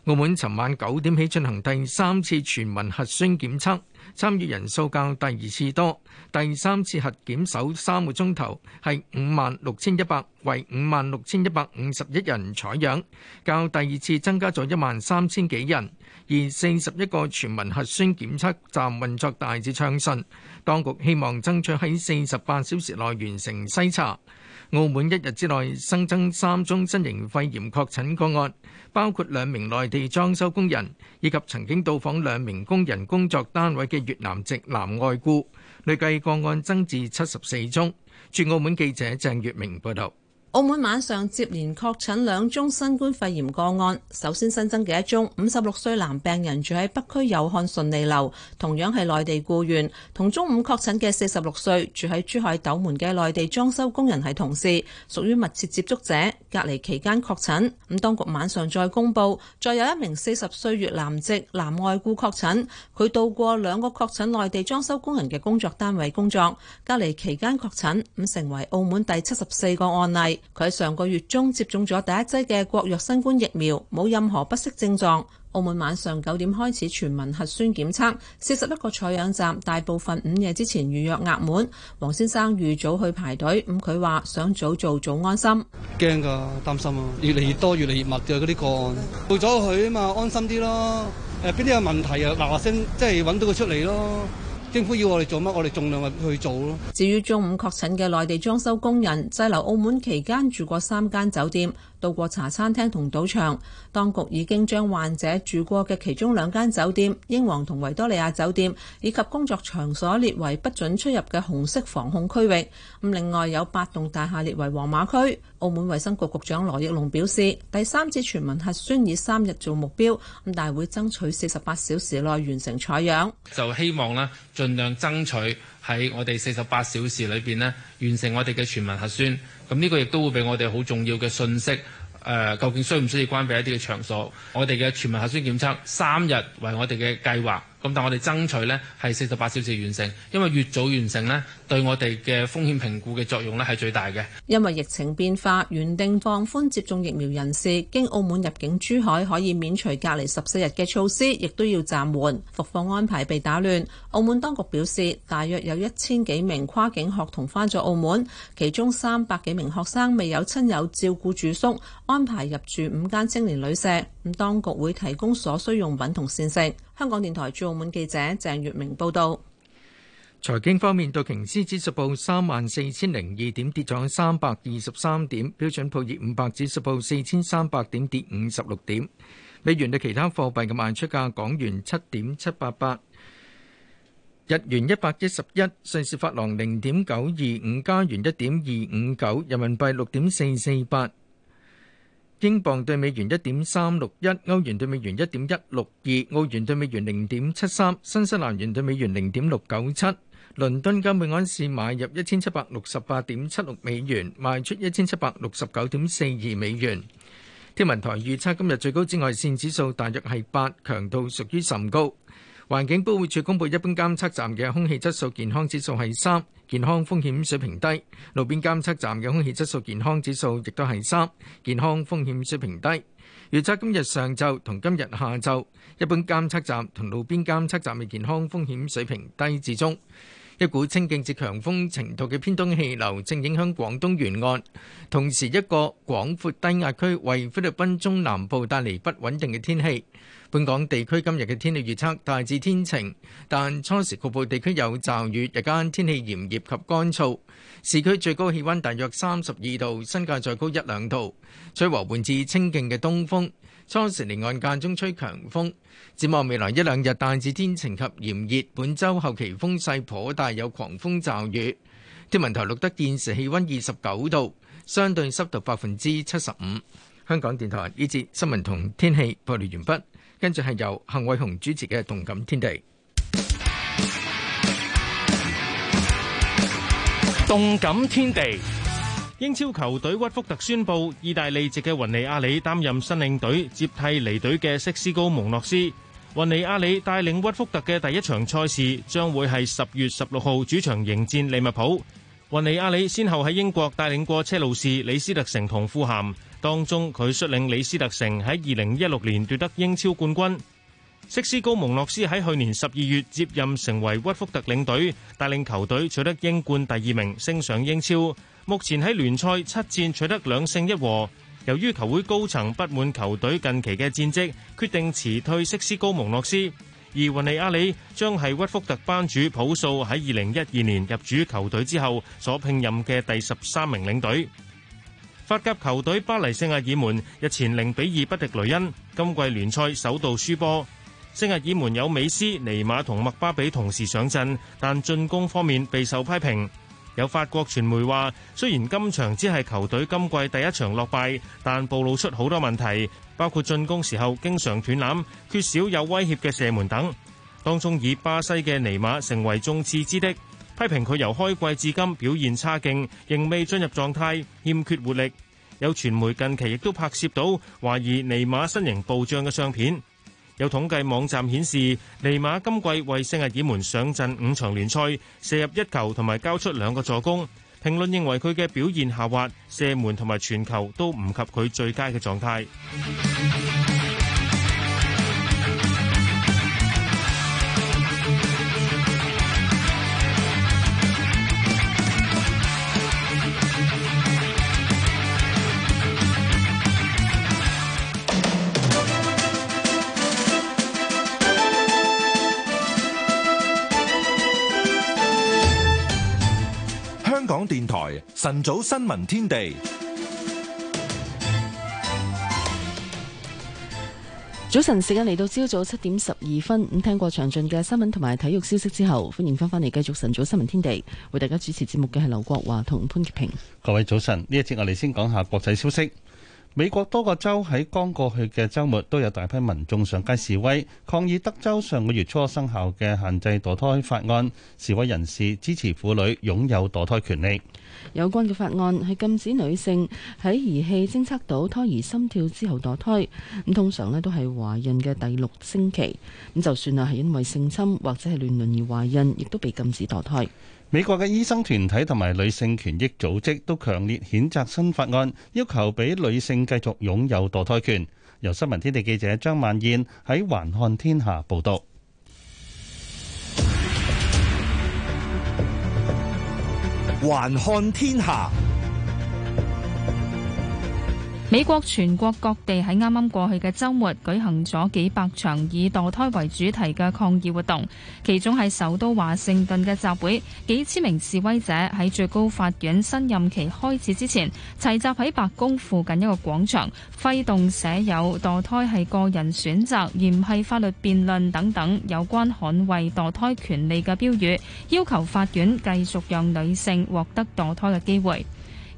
[SPEAKER 12] 澳門尋晚九點起進行第三次全民核酸檢測，參與人數較第二次多。第三次核檢首三個鐘頭，係五萬六千一百，為五萬六千一百五十一人採樣，較第二次增加咗一萬三千幾人。而四十一個全民核酸檢測站運作大致暢順，當局希望爭取喺四十八小時內完成篩查。澳門一日之內新增三宗新型肺炎確診個案，包括兩名內地裝修工人，以及曾經到訪兩名工人工作單位嘅越南籍男外雇，累計個案增至七十四宗。駐澳門記者鄭月明報道。
[SPEAKER 13] 澳門晚上接連確診兩宗新冠肺炎個案，首先新增嘅一宗五十六歲男病人住喺北區友漢順利樓，同樣係內地僱員，同中午確診嘅四十六歲住喺珠海斗門嘅內地裝修工人係同事，屬於密切接觸者，隔離期間確診。咁當局晚上再公布，再有一名四十歲越南籍男外雇確診，佢到過兩個確診內地裝修工人嘅工作單位工作，隔離期間確診，咁成為澳門第七十四個案例。佢喺上個月中接種咗第一劑嘅國藥新冠疫苗，冇任何不適症狀。澳門晚上九點開始全民核酸檢測，四十一個採樣站大部分午夜之前預約額滿。黃先生預早去排隊，咁佢話想早做早安心。
[SPEAKER 14] 驚㗎，擔心啊，越嚟越多
[SPEAKER 4] 越嚟越密嘅嗰啲個案，的做咗佢啊嘛，安心啲咯。誒，邊啲有問題啊？嗱嗱聲，
[SPEAKER 15] 即係揾到佢出嚟咯。政府要我哋做乜，我哋盡量去做咯。
[SPEAKER 13] 至於中午確診嘅內地裝修工人，滯留澳門期間住過三間酒店。到過茶餐廳同賭場，當局已經將患者住過嘅其中兩間酒店——英皇同維多利亞酒店，以及工作場所列為不准出入嘅紅色防控區域。咁另外有八棟大廈列為黃碼區。澳門衛生局局長羅奕龍表示，第三次全民核酸以三日做目標，咁但係會爭取四十八小時內完成採樣。
[SPEAKER 9] 就希望咧，盡量爭取喺我哋四十八小時裏邊咧，完成我哋嘅全民核酸。咁呢個亦都會俾我哋好重要嘅訊息，呃，究竟需唔需要關閉一啲嘅場所？我哋嘅全民核酸檢測，三日為我哋嘅計劃。咁但我哋爭取呢係四十八小時完成，因為越早完成呢，對我哋嘅風險評估嘅作用呢係最大嘅。
[SPEAKER 13] 因為疫情變化，原定放寬接種疫苗人士經澳門入境珠海可以免除隔離十四日嘅措施，亦都要暫緩，復放安排被打亂。澳門當局表示，大約有一千幾名跨境學童返咗澳門，其中三百幾名學生未有親友照顧住宿，安排入住五間青年旅舍。咁當局會提供所需用品同膳食。香港電台駐澳門記者鄭月明報道：
[SPEAKER 12] 財經方面，道瓊斯指數報三萬四千零二點，跌咗三百二十三點；標準普爾五百指數報四千三百點，跌五十六點。美元兌其他貨幣嘅賣出價：港元七點七八八，日元一百一十一，瑞士法郎零點九二五，加元一點二五九，人民幣六點四四八。英鎊兌美元一點三六一，歐元兌美元一點一六二，澳元兌美元零點七三，新西蘭元兌美元零點六九七。倫敦金 <music> 每盎司買入一千七百六十八點七六美元，賣出一千七百六十九點四二美元。天文台預測今日最高紫外線指數大約係八，強度屬於甚高。環境保護署公布一般監測站嘅空氣質素健康指數係三，健康風險水平低。路邊監測站嘅空氣質素健康指數亦都係三，健康風險水平低。預測今日上晝同今日下晝，一般監測站同路邊監測站嘅健康風險水平低至中。一股清勁至強風程度嘅偏東氣流正影響廣東沿岸，同時一個廣闊低壓區為菲律賓中南部帶嚟不穩定嘅天氣。本港地區今日嘅天氣預測，大致天晴，但初時局部地區有驟雨，日間天氣炎熱及乾燥。市區最高氣溫大約三十二度，新界再高一兩度。吹和緩至清勁嘅東風。初時離岸間中吹強風，展望未來一兩日大致天晴及炎熱。本周後期風勢頗大，有狂風驟雨。天文台錄得現時氣溫二十九度，相對濕度百分之七十五。香港電台呢節新聞同天氣報告完畢，跟住係由幸偉雄主持嘅《動感天地》。《動
[SPEAKER 9] 感天地》英超球隊屈福特宣布，意大利籍嘅雲尼阿里擔任新領隊，接替離隊嘅色斯高蒙諾斯。雲尼阿里帶領屈福特嘅第一場賽事將會係十月十六號主場迎戰利物浦。雲尼阿里先後喺英國帶領過車路士、李斯特城同富咸，當中佢率領李斯特城喺二零一六年奪得英超冠軍。色斯高蒙諾斯喺去年十二月接任成為屈福特領隊，帶領球隊取得英冠第二名，升上英超。目前喺聯賽七戰取得兩勝一和。由於球會高層不滿球隊近期嘅戰績，決定辭退色斯高蒙諾斯。而雲尼阿里將係屈福特班主普素喺二零一二年入主球隊之後所聘任嘅第十三名領隊。法甲球隊巴黎聖日耳門日前零比二不敵雷恩，今季聯賽首度輸波。聖日耳門有美斯、尼馬同麥巴比同時上陣，但進攻方面備受批評。有法國傳媒話，雖然今場只係球隊今季第一場落敗，但暴露出好多問題，包括進攻時候經常斷纜，缺少有威脅嘅射門等。當中以巴西嘅尼馬成為眾矢之的，批評佢由開季至今表現差勁，仍未進入狀態，欠缺活力。有傳媒近期亦都拍攝到懷疑尼馬身形暴漲嘅相片。有統計網站顯示，尼馬今季為聖日耳門上陣五場聯賽，射入一球同埋交出兩個助攻。評論認為佢嘅表現下滑，射門同埋傳球都唔及佢最佳嘅狀態。
[SPEAKER 2] 香港電台晨早新聞天地，
[SPEAKER 3] 早晨，時間嚟到朝早七點十二分。咁聽過詳盡嘅新聞同埋體育消息之後，歡迎翻翻嚟繼續晨早新聞天地，為大家主持節目嘅係劉國華同潘潔平。
[SPEAKER 4] 各位早晨，呢一節我哋先講下國際消息。美國多個州喺剛過去嘅周末都有大批民眾上街示威，抗議德州上個月初生效嘅限制墮胎法案。示威人士支持婦女擁有墮胎權利。
[SPEAKER 3] 有關嘅法案係禁止女性喺儀器偵測到胎兒心跳之後墮胎。咁通常呢都係懷孕嘅第六星期。咁就算啊係因為性侵或者係亂倫而懷孕，亦都被禁止墮胎。
[SPEAKER 4] 美國嘅醫生團體同埋女性權益組織都強烈譴責新法案，要求俾女性繼續擁有墮胎權。由新聞天地記者張曼燕喺《環看天下》報道，
[SPEAKER 2] 《環看
[SPEAKER 16] 天下》。美國全國各地喺啱啱過去嘅周末舉行咗幾百場以墮胎為主題嘅抗議活動，其中係首都華盛頓嘅集會，幾千名示威者喺最高法院新任期開始之前，齊集喺白宮附近一個廣場，揮動寫有「墮胎係個人選擇，而唔係法律辯論」等等有關捍衛墮胎權利嘅標語，要求法院繼續讓女性獲得墮胎嘅機會。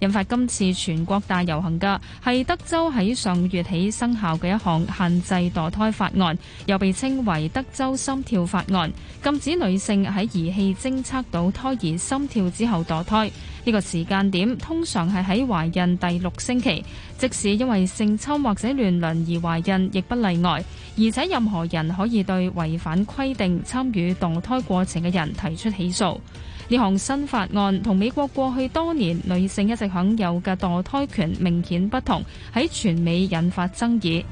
[SPEAKER 16] 引發今次全國大遊行嘅係德州喺上月起生效嘅一項限制墮胎法案，又被稱為德州心跳法案，禁止女性喺儀器偵測到胎兒心跳之後墮胎。呢個時間點通常係喺懷孕第六星期，即使因為性侵或者亂倫而懷孕亦不例外。而且任何人可以對違反規定參與墮胎過程嘅人提出起訴。呢項新法案同美國過去多年女性一直享有嘅墮胎權明顯不同，喺全美引發爭議。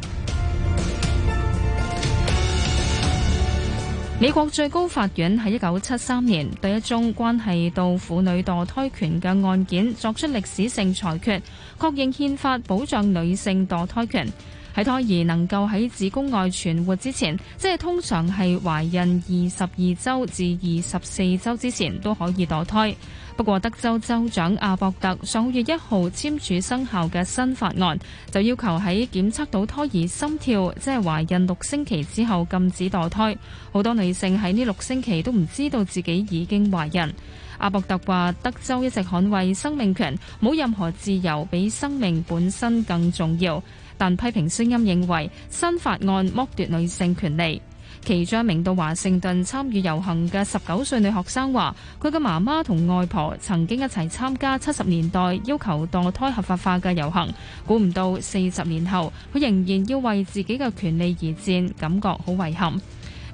[SPEAKER 16] 美國最高法院喺一九七三年對一宗關係到婦女墮胎權嘅案件作出歷史性裁決，確認憲法保障女性墮胎權。喺胎兒能夠喺子宮外存活之前，即係通常係懷孕二十二週至二十四週之前都可以墮胎。不過，德州州長阿博特上月一號簽署生效嘅新法案，就要求喺檢測到胎兒心跳，即係懷孕六星期之後禁止墮胎。好多女性喺呢六星期都唔知道自己已經懷孕。阿博特話：德州一直捍衞生命權，冇任何自由比生命本身更重要。但批評聲音認為新法案剝奪女性權利。其中一名到華盛頓參與遊行嘅十九歲女學生話，佢嘅媽媽同外婆曾經一齊參加七十年代要求墮胎合法化嘅遊行，估唔到四十年後，佢仍然要為自己嘅權利而戰，感覺好遺憾。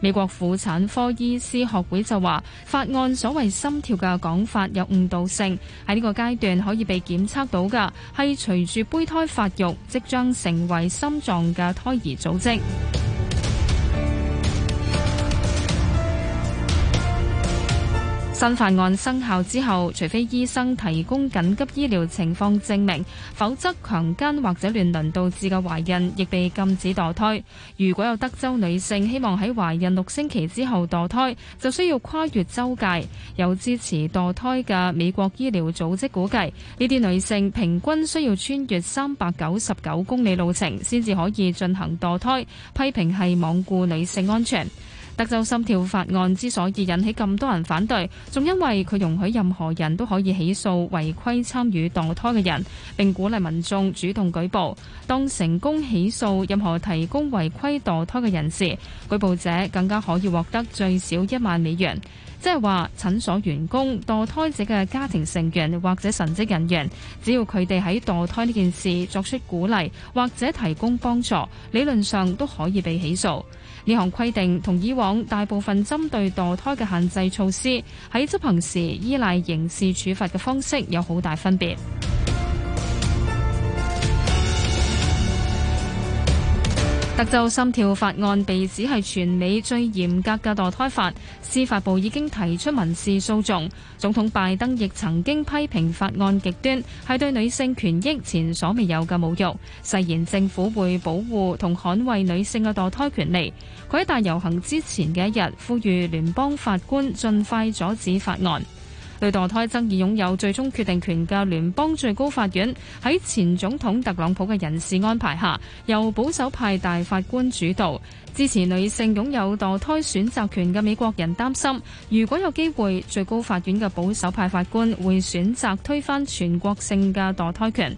[SPEAKER 16] 美國婦產科醫師學會就話：法案所謂心跳嘅講法有誤導性，喺呢個階段可以被檢測到嘅，係隨住胚胎發育，即將成為心臟嘅胎兒組織。新法案生效之後，除非醫生提供緊急醫療情況證明，否則強姦或者亂倫導致嘅懷孕亦被禁止墮胎。如果有德州女性希望喺懷孕六星期之後墮胎，就需要跨越州界。有支持墮胎嘅美國醫療組織估計，呢啲女性平均需要穿越三百九十九公里路程先至可以進行墮胎，批評係罔顧女性安全。德州心跳法案之所以引起咁多人反對，仲因為佢容許任何人都可以起訴違規參與墮胎嘅人，並鼓勵民眾主動舉報，當成功起訴任何提供違規墮胎嘅人士，舉報者更加可以獲得最少一萬美元。即係話，診所員工、墮胎者嘅家庭成員或者神職人員，只要佢哋喺墮胎呢件事作出鼓勵或者提供幫助，理論上都可以被起訴。呢項規定同以往大部分針對墮胎嘅限制措施，喺執行時依賴刑事處罰嘅方式有好大分別。德州心跳法案被指係全美最嚴格嘅墮胎法，司法部已經提出民事訴訟，總統拜登亦曾經批評法案極端，係對女性權益前所未有嘅侮辱，誓言政府會保護同捍衛女性嘅墮胎權利。佢喺大遊行之前嘅一日，呼籲聯邦法官盡快阻止法案。對墮胎爭議擁有最終決定權嘅聯邦最高法院，喺前總統特朗普嘅人事安排下，由保守派大法官主導。支持女性擁有墮胎選擇權嘅美國人擔心，如果有機會，最高法院嘅保守派法官會選擇推翻全國性嘅墮胎權。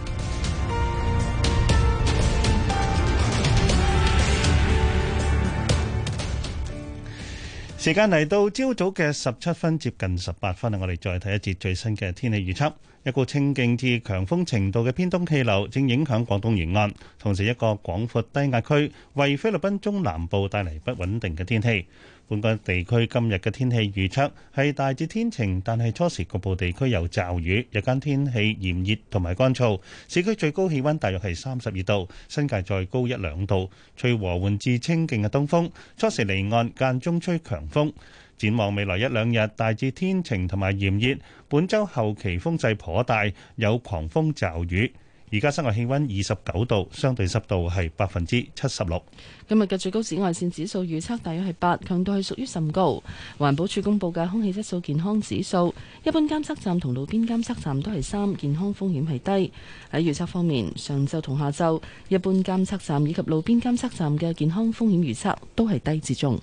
[SPEAKER 16] 時間嚟到
[SPEAKER 4] 朝早嘅十七分，接近十八分啊！我哋再睇一節最新嘅天氣預測。一股清勁至強風程度嘅偏東氣流正影響廣東沿岸，同時一個廣闊低壓區為菲律賓中南部帶嚟不穩定嘅天氣。本港地區今日嘅天氣預測係大致天晴，但係初時局部地區有驟雨，日間天氣炎熱同埋乾燥。市區最高氣溫大約係三十二度，新界再高一兩度。吹和緩至清勁嘅東風，初時離岸間中吹強風，展望未來一兩日，大致天晴同埋炎熱，本周後期風勢頗大，有狂風驟雨。而家室外氣溫二十九度，相對濕度係百分之七十六。
[SPEAKER 3] 今日嘅最高紫外線指數預測大約係八，強度係屬於甚高。環保署公布嘅空氣質素健康指數，一般監測站同路邊監測站都係三，健康風險係低。喺預測方面，上晝同下晝，一般監測站以及路邊監測站嘅健康風險預測都係低至中。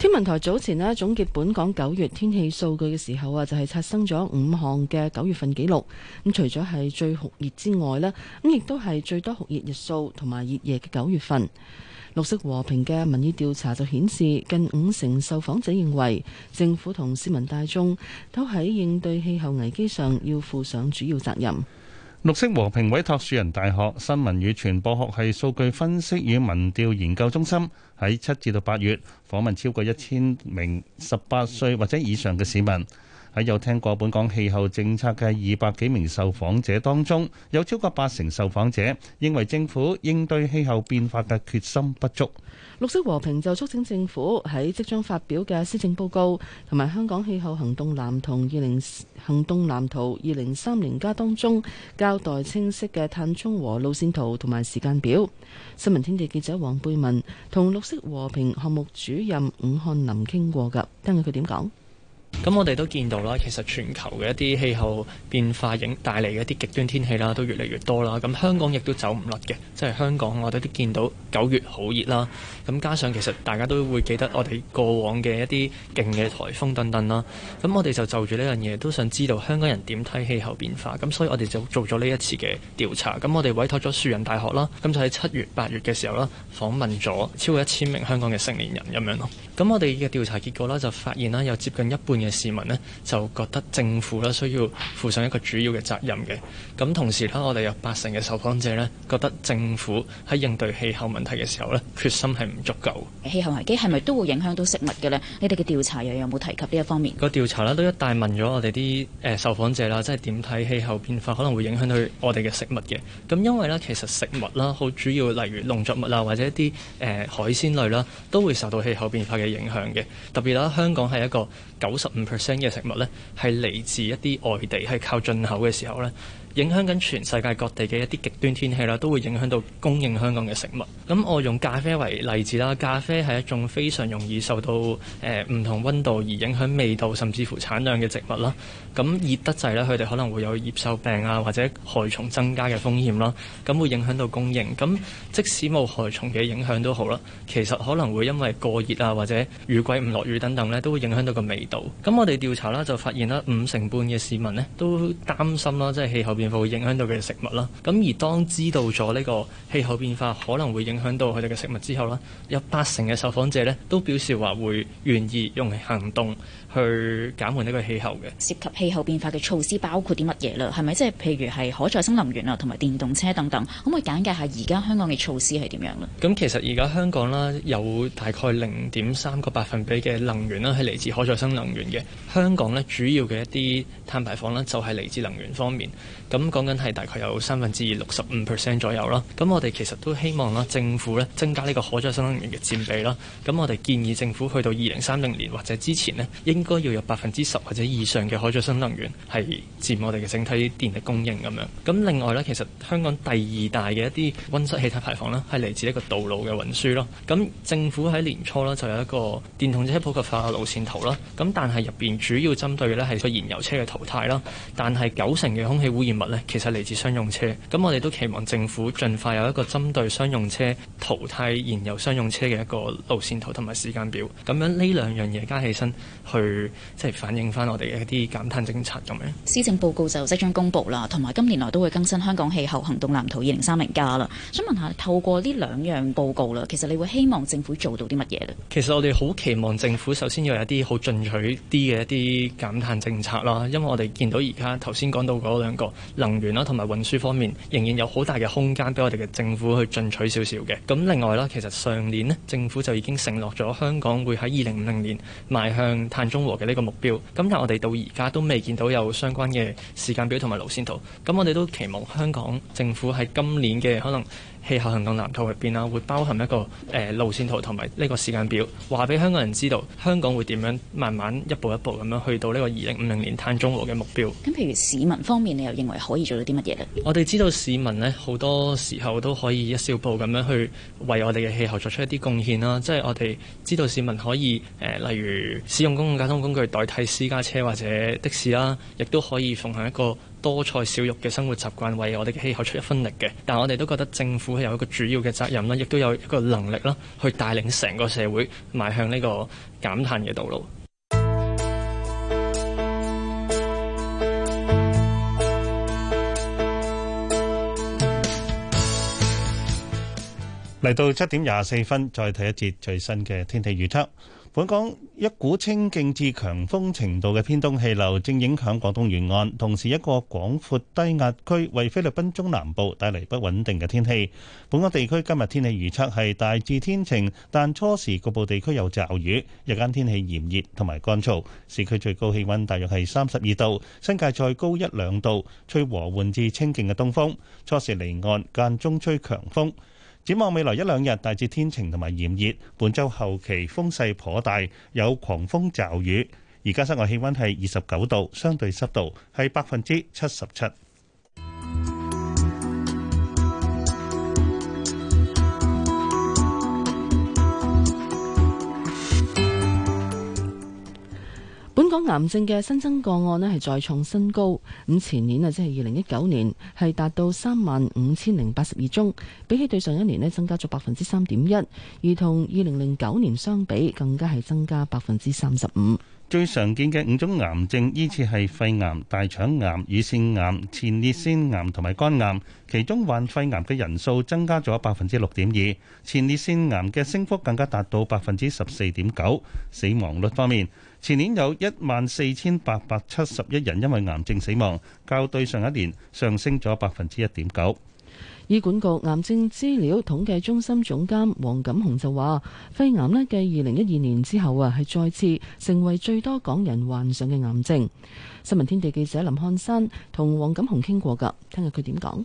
[SPEAKER 3] 天文台早前呢總結本港九月天氣數據嘅時候啊，就係刷新咗五項嘅九月份紀錄。咁除咗係最酷熱之外呢，咁亦都係最多酷熱日數同埋熱夜嘅九月份。綠色和平嘅民意調查就顯示，近五成受訪者認為政府同市民大眾都喺應對氣候危機上要負上主要責任。
[SPEAKER 4] 綠色和平委託樹仁大學新聞與傳播學系數據分析與民調研究中心，喺七至到八月訪問超過一千名十八歲或者以上嘅市民，喺有聽過本港氣候政策嘅二百幾名受訪者當中，有超過八成受訪者認為政府應對氣候變化嘅決心不足。
[SPEAKER 3] 綠色和平就促請政府喺即將發表嘅施政報告同埋香港氣候行動藍圖二零行動藍圖二零三零加當中交代清晰嘅碳中和路線圖同埋時間表。新聞天地記者黃貝文同綠色和平項目主任伍漢林傾過噶，聽下佢點講。
[SPEAKER 14] 咁、嗯、我哋都見到啦，其實全球嘅一啲氣候變化影帶嚟嘅一啲極端天氣啦，都越嚟越多啦。咁、嗯、香港亦都走唔甩嘅，即係香港我哋都見到九月好熱啦。咁、嗯、加上其實大家都會記得我哋過往嘅一啲勁嘅颱風等等啦。咁、嗯、我哋就就住呢樣嘢，都想知道香港人點睇氣候變化。咁、嗯、所以我哋就做咗呢一次嘅調查。咁、嗯、我哋委託咗樹仁大學啦，咁、嗯、就喺七月、八月嘅時候啦，訪問咗超過一千名香港嘅成年人咁樣咯。咁我哋嘅調查結果啦，就發現啦，有接近一半嘅市民呢，就覺得政府啦需要負上一個主要嘅責任嘅。咁同時呢，我哋有八成嘅受訪者呢，覺得政府喺應對氣候問題嘅時候呢，決心係唔足夠。
[SPEAKER 16] 氣候危機係咪都會影響到食物嘅呢？你哋嘅調查又有冇提及呢一方面？
[SPEAKER 14] 個調查呢都一帶問咗我哋啲誒受訪者啦，即係點睇氣候變化可能會影響到我哋嘅食物嘅。咁因為呢，其實食物啦好主要，例如農作物啊或者一啲誒、呃、海鮮類啦都會受到氣候變化嘅。影響嘅，特別啦，香港係一個九十五 percent 嘅食物咧，係嚟自一啲外地，係靠進口嘅時候咧。影響緊全世界各地嘅一啲極端天氣啦，都會影響到供應香港嘅食物。咁我用咖啡為例子啦，咖啡係一種非常容易受到誒唔、呃、同溫度而影響味道，甚至乎產量嘅植物啦。咁熱得滯咧，佢哋可能會有葉銹病啊，或者害蟲增加嘅風險啦。咁會影響到供應。咁即使冇害蟲嘅影響都好啦，其實可能會因為過熱啊，或者雨季唔落雨等等呢，都會影響到個味道。咁我哋調查啦，就發現啦，五成半嘅市民呢，都擔心啦，即係氣候。會影響到佢嘅食物啦。咁而當知道咗呢個氣候變化可能會影響到佢哋嘅食物之後啦，有八成嘅受訪者咧都表示話會願意用行動去
[SPEAKER 16] 減緩呢個氣候嘅。涉及氣候變化嘅措施包括啲乜嘢啦？係咪即係譬如係可再生能源啊，同埋電動車等等？可唔可以簡介下而家香港嘅措施係點樣咧？
[SPEAKER 14] 咁其實而家香港啦，有大概零點三個百分比嘅能源啦，係嚟自可再生能源嘅。香港咧主要嘅一啲碳排放咧就係嚟自能源方面。咁講緊係大概有三分之二六十五 percent 左右啦。咁我哋其實都希望啦，政府咧，增加呢個可再生能源嘅佔比啦。咁我哋建議政府去到二零三零年或者之前呢，應該要有百分之十或者以上嘅可再生能源係佔我哋嘅整體電力供應咁樣。咁另外呢，其實香港第二大嘅一啲溫室氣體排放呢，係嚟自一個道路嘅運輸咯。咁政府喺年初呢，就有一個電動車普及化路，路線圖啦。咁但係入邊主要針對嘅呢，係個燃油車嘅淘汰啦。但係九成嘅空氣污染咧，其實嚟自商用車，咁我哋都期望政府盡快有一個針對商用車，淘汰燃油商用車嘅一個路線圖同埋時間表，咁樣呢兩樣嘢加起身，去即係反映翻我哋嘅一啲減碳政策咁樣。
[SPEAKER 16] 施政報告就即將公佈啦，同埋今年來都會更新香港氣候行動藍圖二零三零加啦。想問下，透過呢兩樣報告啦，其實你會希望政府做到啲乜嘢咧？
[SPEAKER 14] 其實我哋好期望政府首先要有一啲好進取啲嘅一啲減碳政策啦，因為我哋見到而家頭先講到嗰兩個。能源啦，同埋運輸方面，仍然有好大嘅空間俾我哋嘅政府去進取少少嘅。咁另外啦，其實上年呢，政府就已經承諾咗香港會喺二零五零年邁向碳中和嘅呢個目標。咁但係我哋到而家都未見到有相關嘅時間表同埋路線圖，咁我哋都期望香港政府喺今年嘅可能。氣候行動藍圖入邊啦，會包含一個誒、呃、路線圖同埋呢個時間表，話俾香港人知道香港會點樣慢慢一步一步咁樣去到呢個二零五零年碳中和嘅目標。
[SPEAKER 16] 咁譬如市民方面，你又認為可以做到啲乜嘢呢？
[SPEAKER 14] 我哋知道市民呢，好多時候都可以一小步咁樣去為我哋嘅氣候作出一啲貢獻啦、啊。即係我哋知道市民可以誒、呃，例如使用公共交通工具代替私家車或者的士啦、啊，亦都可以奉行一個。多菜少肉嘅生活習慣為我哋嘅氣候出一分力嘅。但我哋都覺得政府係有一個主要嘅責任啦，亦都有一個能力啦，去帶領成個社會邁向呢個減碳嘅道路。
[SPEAKER 4] 嚟到七點廿四分，再睇一節最新嘅天氣預測。本港一股清勁至強風程度嘅偏東氣流正影響廣東沿岸，同時一個廣闊低壓區為菲律賓中南部帶嚟不穩定嘅天氣。本港地區今日天氣預測係大致天晴，但初時局部地區有驟雨，日間天氣炎熱同埋乾燥，市區最高氣温大約係三十二度，新界再高一兩度，吹和緩至清勁嘅東風，初時離岸間中吹強風。展望未來一兩日大，大致天晴同埋炎熱。本週後期風勢頗大，有狂風驟雨。而家室外氣温係二十九度，相對濕度係百分之七十七。
[SPEAKER 3] 香港癌症嘅新增個案呢，係再創新高，咁前年啊即係二零一九年係達到三萬五千零八十二宗，比起對上一年呢增加咗百分之三點一，而同二零零九年相比更加係增加百分之三十五。
[SPEAKER 4] 最常見嘅五種癌症依次係肺癌、大腸癌、乳腺癌、前列腺癌同埋肝癌，其中患肺癌嘅人數增加咗百分之六點二，前列腺癌嘅升幅更加達到百分之十四點九。死亡率方面。前年有一萬四千八百七十一人因為癌症死亡，較對上一年上升咗百分之一點九。
[SPEAKER 3] 醫管局癌症資料統計中心總監黃錦洪就話，肺癌呢繼二零一二年之後啊，係再次成為最多港人患上嘅癌症。新聞天地記者林漢山同黃錦洪傾過㗎，聽日佢點講？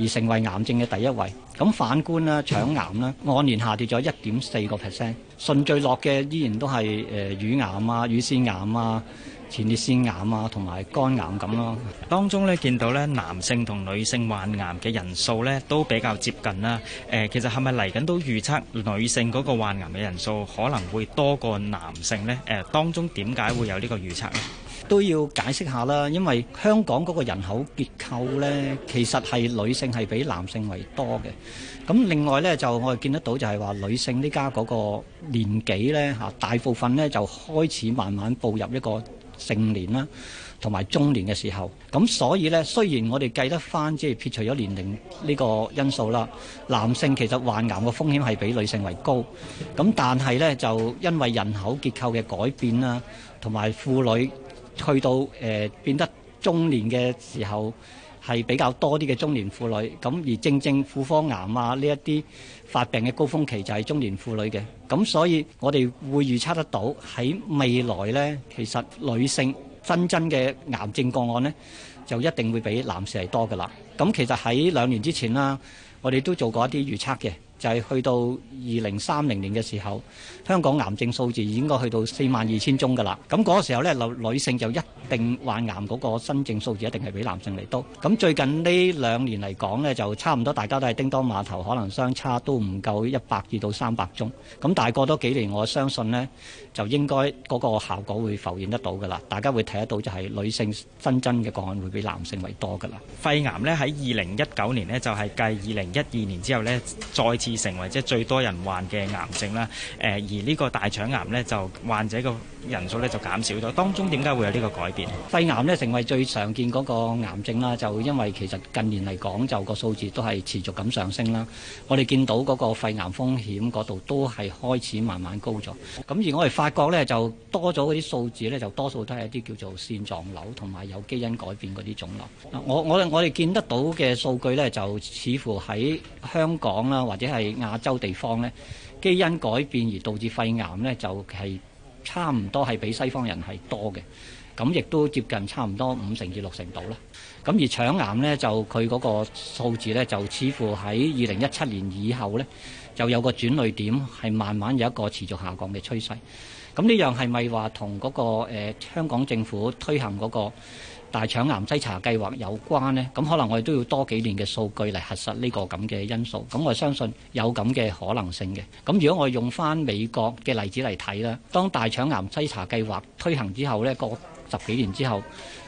[SPEAKER 15] 而成為癌症嘅第一位，咁反觀啦，腸癌啦，按年下跌咗一點四個 percent，順序落嘅依然都係誒、呃、乳癌啊、乳腺癌啊、前列腺癌啊同埋肝癌咁、啊、咯。當中咧見到咧男性同女性患癌嘅人數咧都比較接近啦。誒、呃，其實係咪嚟緊都預測女性嗰個患癌嘅人數可能會多過男性呢？誒、呃，當中點解會有呢個預測呢？都要解釋下啦，因為香港嗰個人口結構呢，其實係女性係比男性為多嘅。咁另外呢，就我哋見得到就係話女性呢家嗰個年紀呢吓，大部分呢就開始慢慢步入一個成年啦，同埋中年嘅時候。咁所以呢，雖然我哋計得翻即係撇除咗年齡呢個因素啦，男性其實患癌嘅風險係比女性為高。咁但係呢，就因為人口結構嘅改變啦，同埋婦女。去到誒、呃、變得中年嘅時候，係比較多啲嘅中年婦女，咁而正正婦科癌啊呢一啲發病嘅高峰期就係中年婦女嘅，咁所以我哋會預測得到喺未來呢，其實女性真真嘅癌症個案呢，就一定會比男士係多㗎啦。咁其實喺兩年之前啦，我哋都做過一啲預測嘅。就係去到二零三零年嘅時候，香港癌症數字應該去到四萬二千宗㗎啦。咁嗰個時候咧，女女性就一定患癌嗰個新症數字一定係比男性嚟多。咁最近呢兩年嚟講咧，就差唔多大家都係叮噹碼頭，可能相差都唔夠一百二到三百宗。咁但係過多幾年，我相信咧。就應該嗰個效果會浮現得到㗎啦，大家會睇得到就係女性新增嘅個案會比男性為多㗎啦。肺癌咧，喺二零一九年咧就係繼二零一二年之後咧，再次成為即係最多人患嘅癌症啦。誒，而呢個大腸癌咧就患者嘅人數咧就減少咗，當中點解會有呢個改變？肺癌咧成為最常見嗰個癌症啦，就因為其實近年嚟講就個數字都係持續咁上升啦。我哋見到嗰個肺癌風險嗰度都係開始慢慢高咗，咁而我哋。發覺呢就多咗嗰啲數字呢，就多數都係一啲叫做腺狀瘤同埋有，有基因改變嗰啲腫瘤。我我我哋見得到嘅數據呢，就似乎喺香港啦或者係亞洲地方呢，基因改變而導致肺癌呢，就係、係、差唔多係比西方人係多嘅。咁亦都接近差唔多五成至六成度啦。咁而腸癌呢，就佢嗰個數字呢，就似乎喺二零一七年以後呢。又有個轉類點，係慢慢有一個持續下降嘅趨勢。咁呢樣係咪話同嗰個、呃、香港政府推行嗰個大腸癌篩查計劃有關呢？咁可能我哋都要多幾年嘅數據嚟核實呢個咁嘅因素。咁我相信有咁嘅可能性嘅。咁如果我用翻美國嘅例子嚟睇啦，當大腸癌篩查計劃推行之後呢過、嗰個、十幾年之後，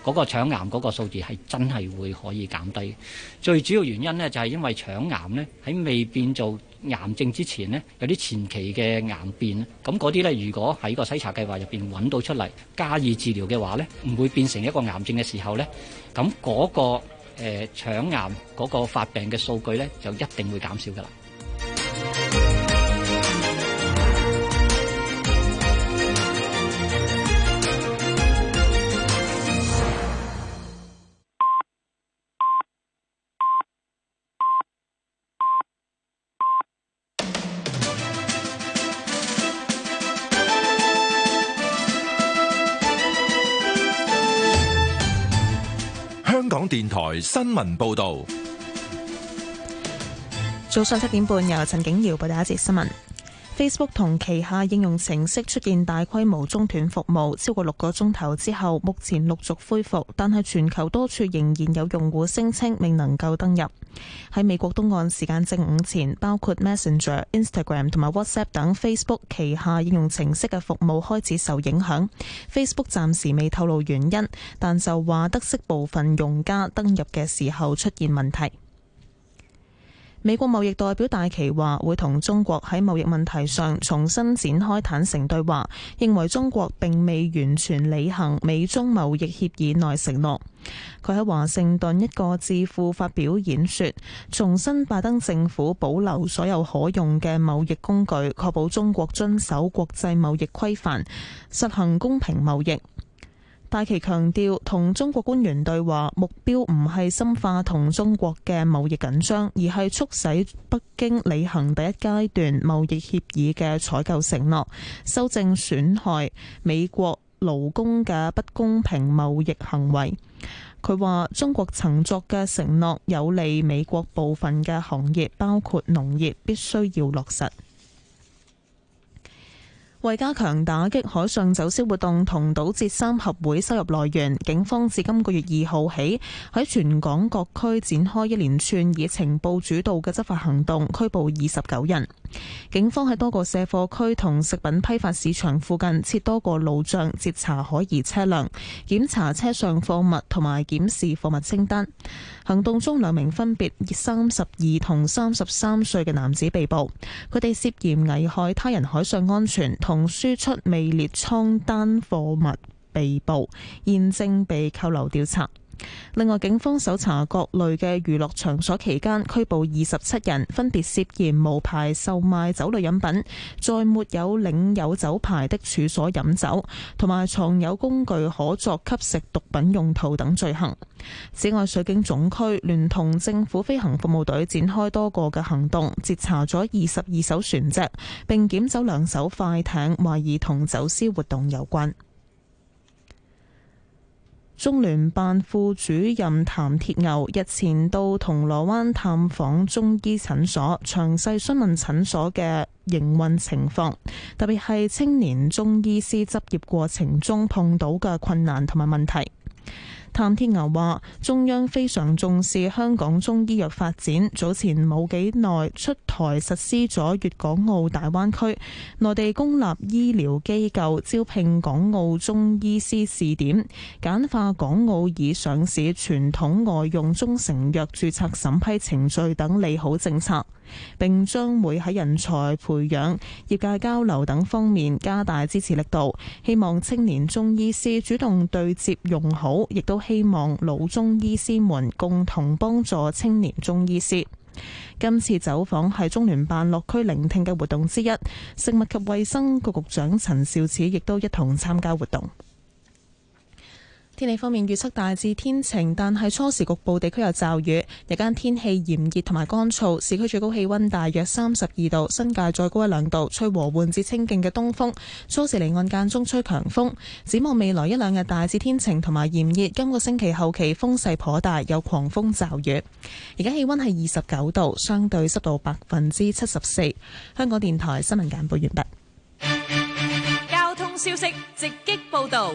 [SPEAKER 15] 嗰、嗰個腸癌嗰個數字係真係會可以減低。最主要原因呢，就係、係、因為腸癌呢，喺未變做。癌症之前呢，有啲前期嘅癌變，咁嗰啲呢，如果喺個篩查計劃入邊揾到出嚟，加以治療嘅話呢，唔會變成一個癌症嘅時候呢，咁嗰個誒、呃、腸癌嗰個發病嘅數據呢，就一定會減少噶啦。
[SPEAKER 2] 電台新聞報道，
[SPEAKER 11] 早上七點半由陳景瑤報第一節新聞。Facebook 同旗下應用程式出現大規模中斷服務，超過六個鐘頭之後，目前陸續恢復，但係全球多處仍然有用戶聲稱未能夠登入。喺美國東岸時間正午前，包括 Messenger、Instagram 同埋 WhatsApp 等 Facebook 旗下應用程式嘅服務開始受影響。Facebook 暫時未透露原因，但就話得悉部分用家登入嘅時候出現問題。美國貿易代表戴琪話會同中國喺貿易問題上重新展開坦誠對話，認為中國並未完全履行美中貿易協議內承諾。佢喺華盛頓一個智庫發表演說，重申拜登政府保留所有可用嘅貿易工具，確保中國遵守國際貿易規範，實行公平貿易。戴琪強調，同中國官員對話目標唔係深化同中國嘅貿易緊張，而係促使北京履行第一階段貿易協議嘅採購承諾，修正損害美國勞工嘅不公平貿易行為。佢話：中國曾作嘅承諾有利美國部分嘅行業，包括農業，必須要落實。為加強打擊海上走私活動同堵截三合會收入來源，警方自今個月二號起喺全港各區展開一連串以情報主導嘅執法行動，拘捕二十九人。警方喺多個卸貨區同食品批發市場附近設多個路障，截查可疑車輛，檢查車上貨物同埋檢視貨物清單。行動中，兩名分別三十二同三十三歲嘅男子被捕，佢哋涉嫌危害他人海上安全同輸出未列倉單貨物被捕，現正被扣留調查。另外，警方搜查各類嘅娛樂場所期間，拘捕二十七人，分別涉嫌無牌售賣酒類飲品，在沒有領有酒牌的處所飲酒，同埋藏有工具可作吸食毒品用途等罪行。此外，水警總區聯同政府飛行服務隊展開多個嘅行動，截查咗二十二艘船隻，並檢走兩艘快艇，懷疑同走私活動有關。中聯辦副主任譚鐵牛日前到銅鑼灣探訪中醫診所，詳細詢問診所嘅營運情況，特別係青年中醫師執業過程中碰到嘅困難同埋問題。探天牛話：中央非常重視香港中醫藥發展，早前冇幾耐出台實施咗粵港澳大灣區內地公立醫療機構招聘港澳中醫師試點、簡化港澳已上市傳統外用中成藥注冊審批程序等利好政策。並將會喺人才培養、業界交流等方面加大支持力度，希望青年中醫師主動對接用好，亦都希望老中醫師們共同幫助青年中醫師。今次走訪係中聯辦落區聆聽嘅活動之一，食物及衛生局局長陳肇始亦都一同參加活動。天氣方面預測大致天晴，但係初時局部地區有驟雨。日間天氣炎熱同埋乾燥，市區最高氣溫大約三十二度，新界再高一兩度，吹和緩至清勁嘅東風。初時離岸間中吹強風。展望未來一兩日大致天晴同埋炎熱，今個星期後期風勢頗大，有狂風驟雨。而家氣溫係二十九度，相對濕度百分之七十四。香港電台新聞簡報
[SPEAKER 10] 完畢。
[SPEAKER 8] 交通消息直擊報道。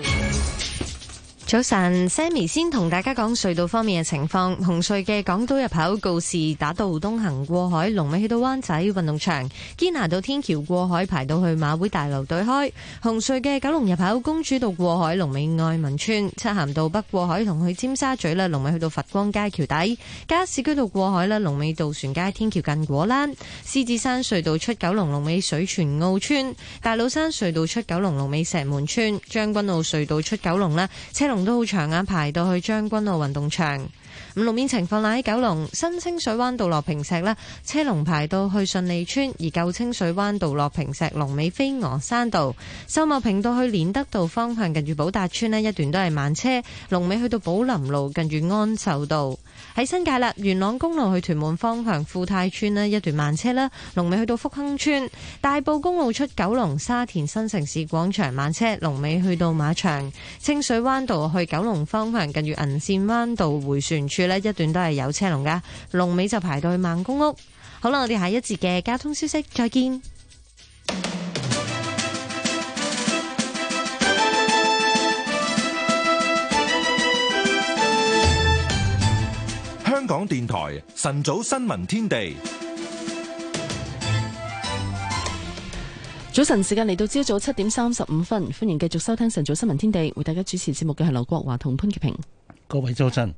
[SPEAKER 10] 早晨，Sammy 先同大家講隧道方面嘅情況。紅隧嘅港島入口告士打道東行過海，龍尾去到灣仔運動場；堅拿道天橋過海，排到去馬會大樓對開。紅隧嘅九龍入口公主道過海，龍尾愛民村；漆咸道北過海同去尖沙咀啦，龍尾去到佛光街橋底；加士居道過海啦，龍尾渡船街天橋近果欄；獅子山隧道出九龍，龍尾水泉澳村；大老山隧道出九龍，龍尾石門村；將軍澳隧道出九龍啦，車龍。都好長啊，排到去將軍澳運動場。咁路面情況啦，喺九龍新清水灣道落坪石咧，車龍排到去順利村；而舊清水灣道落坪石龍尾飛鵝山道、秀茂坪到去連德道方向近寶達，近住寶達村咧一段都係慢車。龍尾去到寶林路，近住安秀道。喺新界啦，元朗公路去屯門方向富泰村咧一段慢車啦，龍尾去到福亨村。大埔公路出九龍沙田新城市廣場慢車，龍尾去到馬場清水灣道。去九龍方向，近住銀線灣道回旋處咧，一段都係有車龍噶，龍尾就排到去孟公屋。好啦，我哋下一節嘅交通消息再見。
[SPEAKER 2] 香港電台晨早新聞天地。
[SPEAKER 3] 早晨，時間嚟到朝早七點三十五分，歡迎繼續收聽晨早新聞天地。為大家主持節目嘅係劉國華同潘潔平。各位早晨，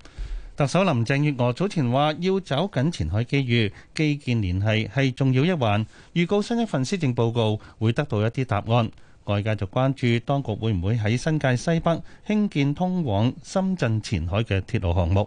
[SPEAKER 4] 特首林鄭月娥早前話要走緊前海機遇，基建聯繫係重要一環。預告新一份施政報告會得到一啲答案。外界就關注當局會唔會喺新界西北興建通往深圳前海嘅鐵路項目。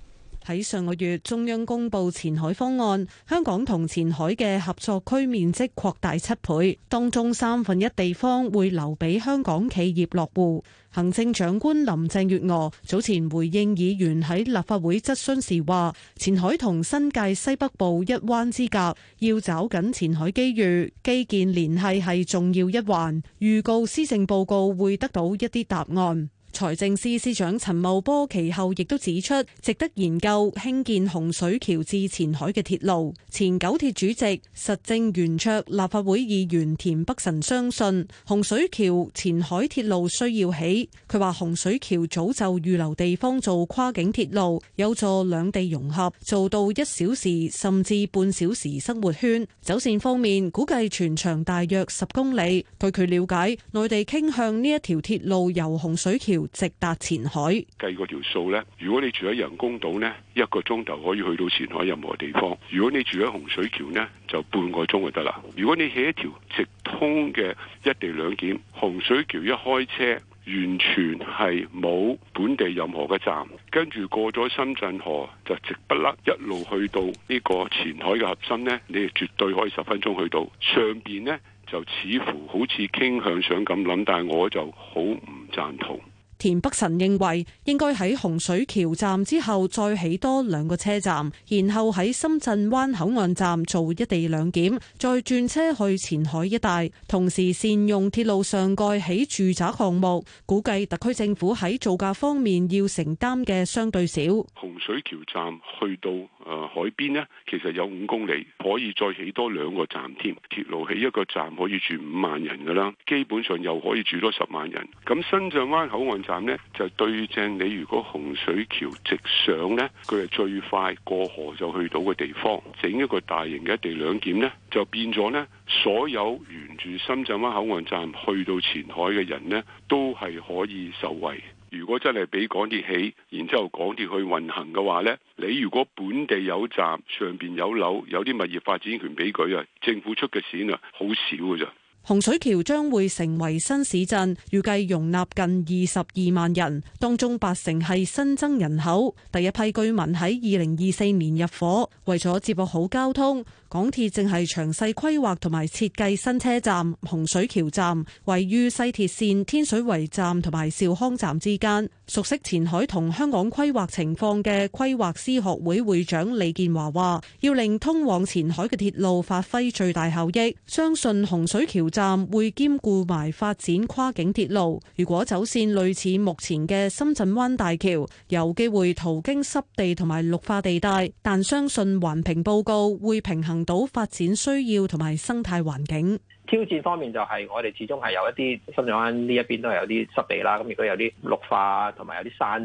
[SPEAKER 7] 喺上個月，中央公布前海方案，香港同前海嘅合作區面積擴大七倍，當中三分一地方會留俾香港企業落戶。行政長官林鄭月娥早前回應議員喺立法會質詢時話：前海同新界西北部一灣之隔，要找緊前海機遇，基建聯繫係重要一環。預告施政報告會得到一啲答案。財政司司長陳茂波其後亦都指出，值得研究興建洪水橋至前海嘅鐵路。前九鐵主席，實政圓桌，立法會議員田北辰相信洪水橋前海鐵路需要起。佢話洪水橋早就預留地方做跨境鐵路，有助兩地融合，做到一小時甚至半小時生活圈。走線方面，估計全長大約十公里。據佢了解，內地傾向呢一條鐵路由洪水橋直達前海，
[SPEAKER 17] 計嗰條數呢。如果你住喺人工島呢，一個鐘頭可以去到前海任何地方；如果你住喺洪水橋呢，就半個鐘就得啦。如果你起一條直通嘅一地兩檢，洪水橋一開車，完全係冇本地任何嘅站，跟住過咗深圳河就直不甩一路去到呢個前海嘅核心呢，你係絕對可以十分鐘去到。上邊呢就似乎好似傾向上想咁諗，但係我就好唔贊同。
[SPEAKER 7] 田北辰認為應該喺洪水橋站之後再起多兩個車站，然後喺深圳灣口岸站做一地兩檢，再轉車去前海一帶。同時善用鐵路上蓋起住宅項目，估計特區政府喺造價方面要承擔嘅相對少。
[SPEAKER 17] 洪水橋站去到。誒海邊呢，其實有五公里可以再起多兩個站添，鐵路起一個站可以住五萬人㗎啦，基本上又可以住多十萬人。咁深圳灣口岸站呢，就對正你如果洪水橋直上呢，佢係最快過河就去到嘅地方。整一個大型嘅一地兩檢呢，就變咗呢，所有沿住深圳灣口岸站去到前海嘅人呢，都係可以受惠。如果真係俾港鐵起，然之後港鐵去運行嘅話咧，你如果本地有站，上邊有樓，有啲物業發展權俾佢啊，政府出嘅錢啊，好少㗎咋。
[SPEAKER 7] 洪水橋將會成為新市鎮，預計容納近二十二萬人，當中八成係新增人口。第一批居民喺二零二四年入伙，為咗接駁好交通，港鐵正係詳細規劃同埋設計新車站。洪水橋站位於西鐵綫天水圍站同埋兆康站之間。熟悉前海同香港規劃情況嘅規劃師學會會長李建華話：要令通往前海嘅鐵路發揮最大效益，相信洪水橋站會兼顧埋發展跨境鐵路。如果走線類似目前嘅深圳灣大橋，有機會途經濕地同埋綠化地帶，但相信環評報告會平衡到發展需要同埋生態環境。
[SPEAKER 2] 挑戰方面就係、是、我哋始終係有一啲深圳灣呢一邊都係有啲濕地啦，咁如果有啲綠化同埋有啲山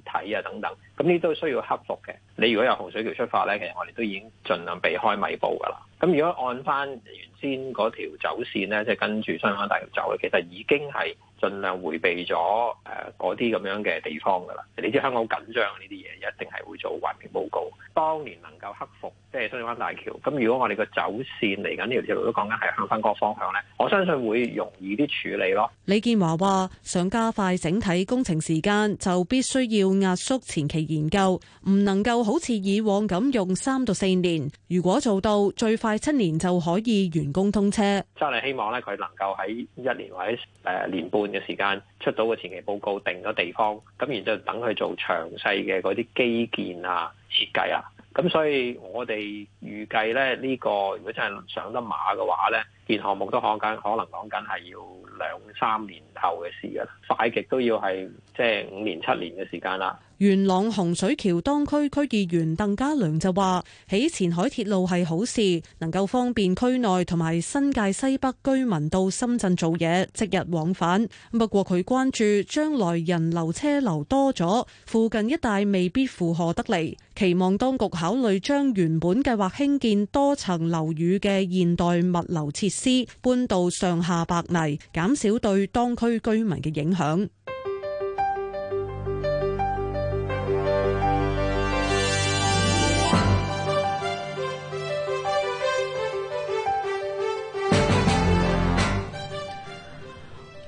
[SPEAKER 2] 體啊等等，咁呢都需要克服嘅。你如果有洪水橋出發咧，其實我哋都已經盡量避開米埔㗎啦。咁如果按翻原先嗰條走線咧，即、就、係、是、跟住深圳灣大橋走嘅，其實已經係。盡量回避咗誒嗰啲咁樣嘅地方㗎啦，你知香港好緊張呢啲嘢，一定係會做環境報告。當年能夠克服即係雙子灣大橋，咁如果我哋個走線嚟緊呢條道路都講緊係向翻嗰個方向咧，我相信會容易啲處理咯。
[SPEAKER 7] 李建華話：想加快整體工程時間，就必須要壓縮前期研究，唔能夠好似以往咁用三到四年。如果做到最快七年就可以完工通車，
[SPEAKER 2] 真係希望咧佢能夠喺一年或者誒年半嘅時間出到個前期報告，定咗地方，咁然之後等佢做詳細嘅嗰啲基建啊、設計啊，咁所以我哋預計咧，呢個如果真係上得馬嘅話咧，建項目都講緊，可能講緊係要兩三年。後嘅事嘅，快極都要係即係五年七年嘅時間啦。
[SPEAKER 7] 元朗洪水橋當區區議員鄧家良就話，起前海鐵路係好事，能夠方便區內同埋新界西北居民到深圳做嘢，即日往返。不過佢關注將來人流車流多咗，附近一帶未必負荷得嚟，期望當局考慮將原本計劃興建多層樓宇嘅現代物流設施搬到上下白泥，減少對當區對居民嘅影響。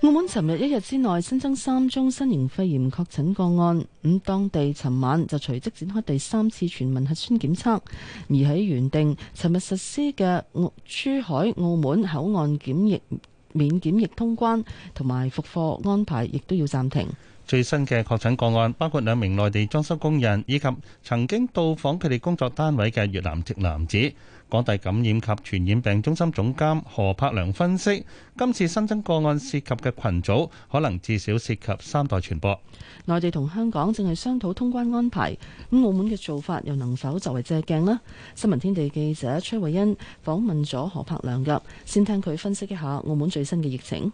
[SPEAKER 3] 澳門尋日一日之內新增三宗新型肺炎確診個案，咁當地尋晚就隨即展開第三次全民核酸檢測，而喺原定尋日實施嘅珠海澳門口岸檢疫。免檢疫通關同埋復課安排，亦都要暫停。
[SPEAKER 4] 最新嘅確診個案包括兩名內地裝修工人以及曾經到訪佢哋工作單位嘅越南籍男子。港大感染及傳染病中心總監何柏良分析，今次新增個案涉及嘅羣組可能至少涉及三代傳播。
[SPEAKER 3] 內地同香港正係商討通關安排，咁澳門嘅做法又能否作為借鏡呢？新聞天地記者崔慧欣訪問咗何柏良嘅，先聽佢分析一下澳門最新嘅疫情。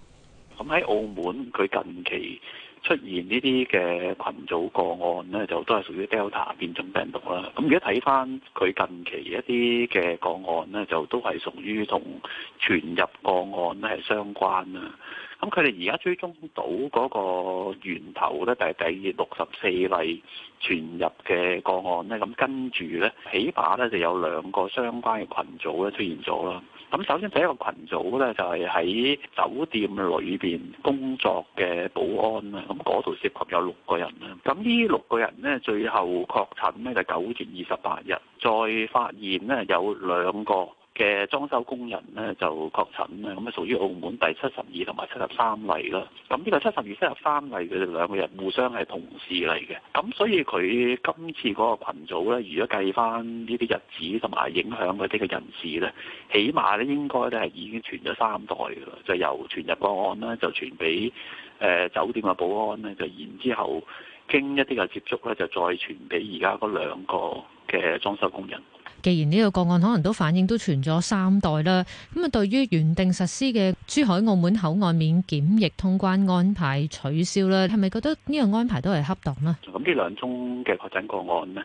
[SPEAKER 18] 咁喺澳門，佢近期出現呢啲嘅群組個案呢，就都係屬於 Delta 變種病毒啦。咁而家睇翻佢近期一啲嘅個案呢，就都係屬於同傳入個案呢係相關啦。咁佢哋而家追蹤到嗰個源頭呢，就係第第二六十四例傳入嘅個案呢，咁跟住呢，起碼呢就有兩個相關嘅群組咧出現咗啦。咁首先第一個群組咧就係、是、喺酒店裏邊工作嘅保安啊，咁嗰度涉及有六個人啦。咁呢六個人咧最後確診咧就九月二十八日，再發現咧有兩個嘅裝修工人咧就確診咧，咁啊屬於澳門第七十二同埋七十三例咯。咁呢個七十二、七十三例佢哋兩個人互相係同事嚟嘅，咁所以佢今次嗰個羣組咧，如果計翻呢啲日子同埋影響嗰啲嘅人士咧，起碼咧應該咧係已經傳咗三代㗎啦，就由傳入個案咧就傳俾誒、呃、酒店嘅保安咧，就然之後經一啲嘅接觸咧就再傳俾而家嗰兩個嘅裝修工人。
[SPEAKER 16] 既然呢個個案可能都反映都傳咗三代啦，咁啊對於原定實施嘅珠海、澳門口岸免檢疫通關安排取消啦，係咪覺得呢個安排都係恰當呢？
[SPEAKER 18] 咁呢兩宗嘅確診個案呢。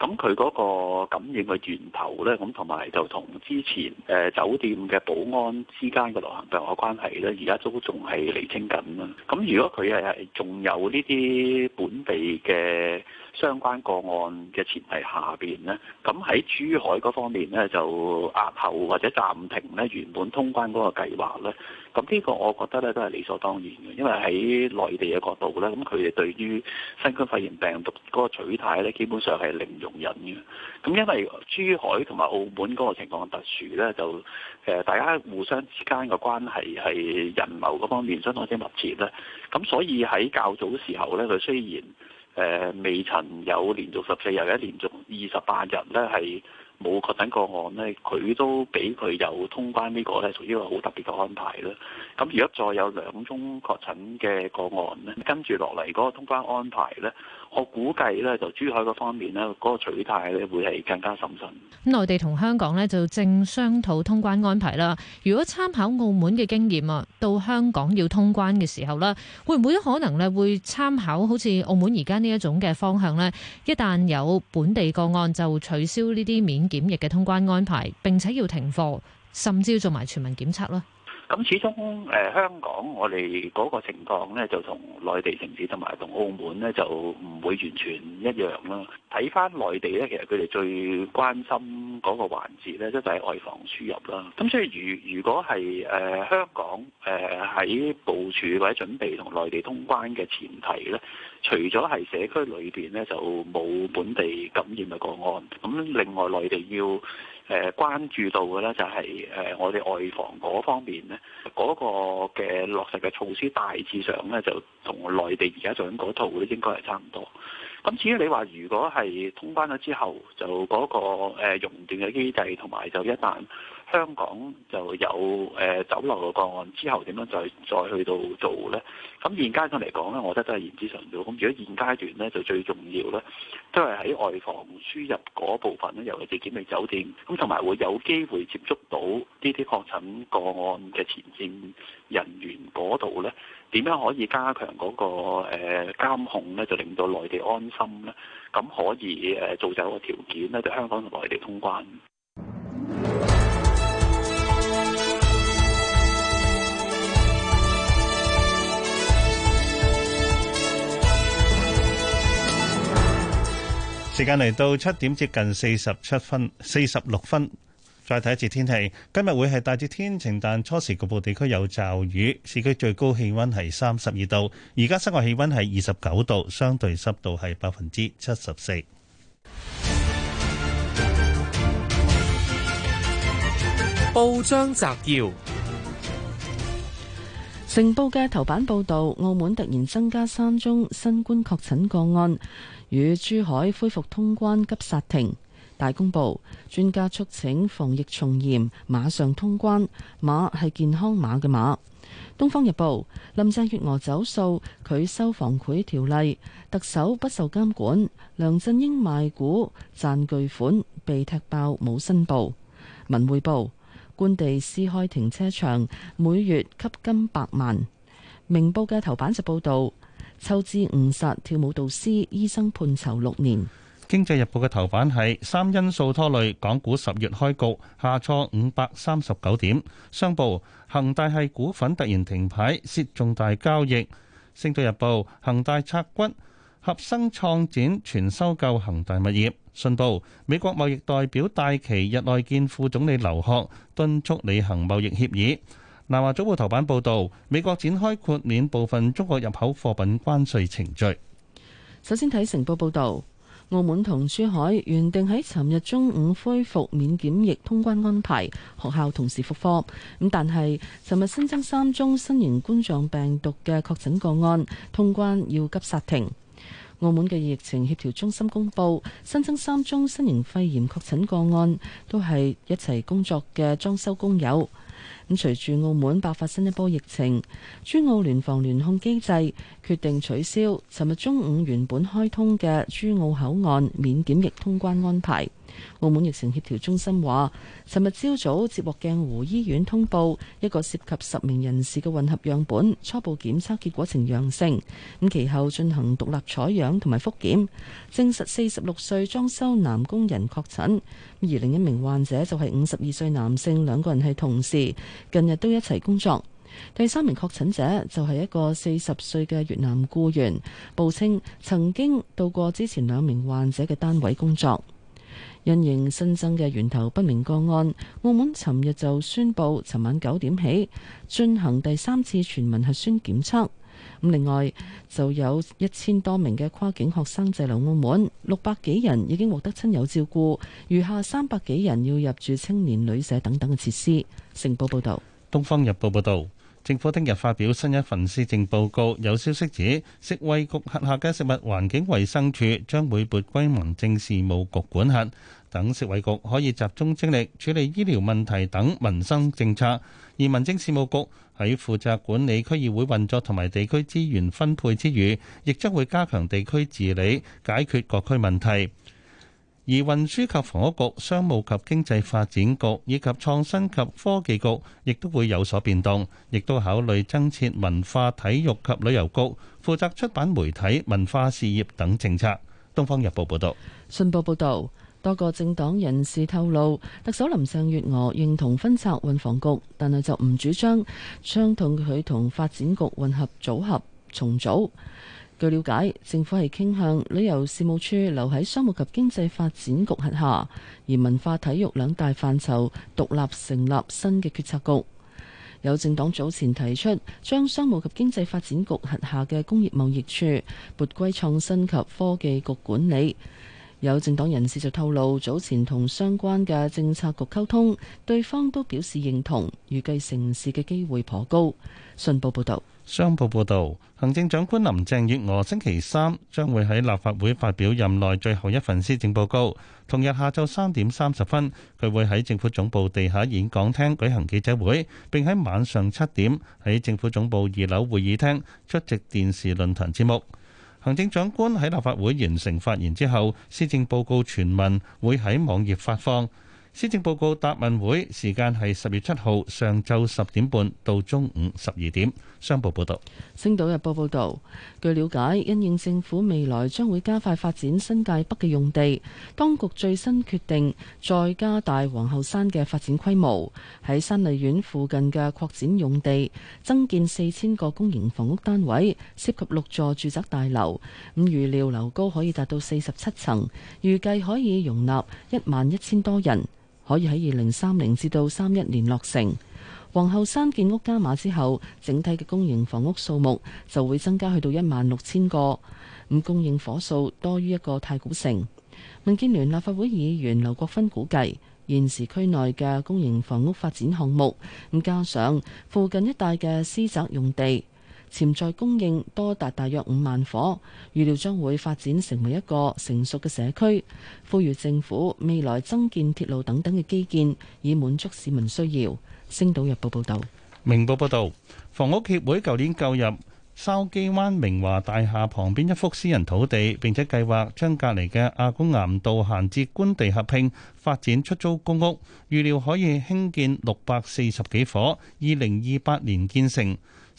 [SPEAKER 18] 咁佢嗰個感染嘅源頭呢，咁同埋就同之前誒酒店嘅保安之間嘅流行病學關係呢，而家都仲係厘清緊啊！咁如果佢係仲有呢啲本地嘅相關個案嘅前提下邊呢，咁喺珠海嗰方面呢，就押後或者暫停呢原本通關嗰個計劃呢。咁呢個我覺得咧都係理所當然嘅，因為喺內地嘅角度咧，咁佢哋對於新冠肺炎病毒嗰個取態咧，基本上係零容忍嘅。咁因為珠海同埋澳門嗰個情況特殊咧，就誒大家互相之間嘅關係係人脈嗰方面相當之密切咧，咁所以喺較早時候咧，佢雖然誒未曾有連續十四日，或者連續二十八日咧係冇確診個案咧，佢都俾佢有通關呢個咧，屬於一個好特別嘅安排啦。咁如果再有兩宗確診嘅個案咧，跟住落嚟嗰個通關安排咧。我估計咧，就珠海嗰方面呢，嗰個取態咧，會係更加謹慎。咁
[SPEAKER 16] 內地同香港呢，就正商討通關安排啦。如果參考澳門嘅經驗啊，到香港要通關嘅時候咧，會唔會可能咧會參考好似澳門而家呢一種嘅方向呢？一旦有本地個案，就取消呢啲免檢疫嘅通關安排，並且要停課，甚至要做埋全民檢測啦。咁始終
[SPEAKER 18] 誒香港，我哋嗰個情況咧，就同內地城市同埋同澳門咧，就唔會完全一樣啦。睇返內地咧，其實佢哋最關心嗰個環節咧，即係外防輸入啦。咁所以如如果係誒香港誒喺部署或者準備同內地通關嘅前提咧，除咗係社區裏邊咧就冇本地感染嘅個案，咁另外內地要。誒關注到嘅咧就係誒我哋外防嗰方面咧，嗰個嘅落實嘅措施大致上咧就同內地而家做緊嗰套咧應該係差唔多。咁至於你話如果係通關咗之後，就嗰個熔斷嘅機制同埋就一旦。香港就有誒酒樓嘅個案，之後點樣再再去到做呢？咁現階段嚟講咧，我覺得都係言之尚早。咁如果現階段呢，就最重要呢，都係喺外防輸入嗰部分咧，尤其係檢疫酒店，咁同埋會有機會接觸到呢啲確診個案嘅前線人員嗰度呢，點樣可以加強嗰個誒監控呢，就令到內地安心呢？咁可以誒造就一個條件呢，就香港同內地通關。
[SPEAKER 4] 時間嚟到七點接近四十七分，四十六分，再睇一次天氣。今日會係大致天晴，但初時局部地區有驟雨。市區最高氣溫係三十二度，而家室外氣溫係二十九度，相對濕度係百分之七十四。
[SPEAKER 9] 報章摘要：
[SPEAKER 3] 《成報》嘅頭版報道，澳門突然增加三宗新冠確診個案。與珠海恢復通關急煞停大公報，專家促請防疫從嚴馬上通關。馬係健康碼嘅馬。東方日報林鄭月娥走數拒修防賄條例，特首不受監管。梁振英賣股賺巨款被踢爆冇申報。文匯報官地私開停車場，每月吸金百萬。明報嘅頭版就報道。抽脂誤殺跳舞導師，醫生判囚六年。
[SPEAKER 4] 經濟日報嘅頭版係三因素拖累港股十月開局下挫五百三十九點。商報恒大係股份突然停牌，涉重大交易。星島日報恒大拆骨，合生創展全收購恒大物業。信報美國貿易代表戴琦日內見副總理劉鶴，敦促履行貿易協議。南華早報頭版報道，美國展開豁免部分中國入口貨品關稅程序。
[SPEAKER 3] 首先睇成報報道，澳門同珠海原定喺尋日中午恢復免檢疫通關安排，學校同時復課。咁但係尋日新增三宗新型冠,冠狀病毒嘅確診個案，通關要急剎停。澳門嘅疫情協調中心公布，新增三宗新型肺炎確診個案，都係一齊工作嘅裝修工友。咁隨住澳門爆發新一波疫情，珠澳聯防聯控機制決定取消尋日中午原本開通嘅珠澳口岸免檢疫通關安排。澳門疫情協調中心話，尋日朝早接獲鏡湖醫院通報，一個涉及十名人士嘅混合樣本初步檢測結果呈陽性，咁其後進行獨立採樣同埋複檢，證實四十六歲裝修男工人確診。而另一名患者就係五十二歲男性，兩個人係同事，近日都一齊工作。第三名確診者就係一個四十歲嘅越南雇員，報稱曾經到過之前兩名患者嘅單位工作。因應新增嘅源頭不明個案，澳門尋日就宣布，尋晚九點起進行第三次全民核酸檢測。咁另外就有一千多名嘅跨境學生滯留澳門，六百幾人已經獲得親友照顧，餘下三百幾人要入住青年旅社等等嘅設施。成報報道。
[SPEAKER 4] 東方日報報導。政府聽日發表新一份施政報告，有消息指食衛局轄下嘅食物環境衞生署將會撥歸民政事務局管轄，等食衛局可以集中精力處理醫療問題等民生政策，而民政事務局喺負責管理區議會運作同埋地區資源分配之餘，亦將會加強地區治理，解決各區問題。而運輸及房屋局、商務及經濟發展局以及創新及科技局亦都會有所變動，亦都考慮增設文化體育及旅遊局，負責出版媒體、文化事業等政策。《東方日報》報導。
[SPEAKER 3] 《信報》報導，多個政黨人士透露，特首林鄭月娥認同分拆運房局，但係就唔主張相同佢同發展局混合組合，重組。據了解，政府係傾向旅遊事務處留喺商務及經濟發展局轄下，而文化、體育兩大範疇獨立成立新嘅決策局。有政黨早前提出將商務及經濟發展局轄下嘅工業貿易處撥歸創新及科技局管理。有政黨人士就透露，早前同相關嘅政策局溝通，對方都表示認同，預計成事嘅機會頗高。信報報導，
[SPEAKER 4] 商報報道，行政長官林鄭月娥星期三將會喺立法會發表任內最後一份施政報告。同日下晝三點三十分，佢會喺政府總部地下演講廳舉行記者會，並喺晚上七點喺政府總部二樓會議廳出席電視論壇節目。行政長官喺立法會完成發言之後，施政報告全文會喺網頁發放。施政報告答問會時間係十月七號上晝十點半到中午十二點。商報報道，
[SPEAKER 3] 星島日報報道，據了解，因應政府未來將會加快發展新界北嘅用地，當局最新決定再加大皇后山嘅發展規模，喺山麗苑附近嘅擴展用地增建四千個公營房屋單位，涉及六座住宅大樓。咁預料樓高可以達到四十七層，預計可以容納一萬一千多人。可以喺二零三零至到三一年落成。皇后山建屋加碼之後，整體嘅公營房屋數目就會增加去到一萬六千個，咁供應火數多於一個太古城。民建聯立法會議員劉國勳估計，現時區內嘅公營房屋發展項目，咁加上附近一帶嘅私宅用地。潛在供應多達大約五萬夥，預料將會發展成為一個成熟嘅社區。呼籲政府未來增建鐵路等等嘅基建，以滿足市民需要。星島日報報導，
[SPEAKER 4] 明報報導，房屋協會舊年購入筲箕灣明華大廈旁邊一幅私人土地，並且計劃將隔離嘅阿公岩道閒置官地合併發展出租公屋，預料可以興建六百四十幾夥，二零二八年建成。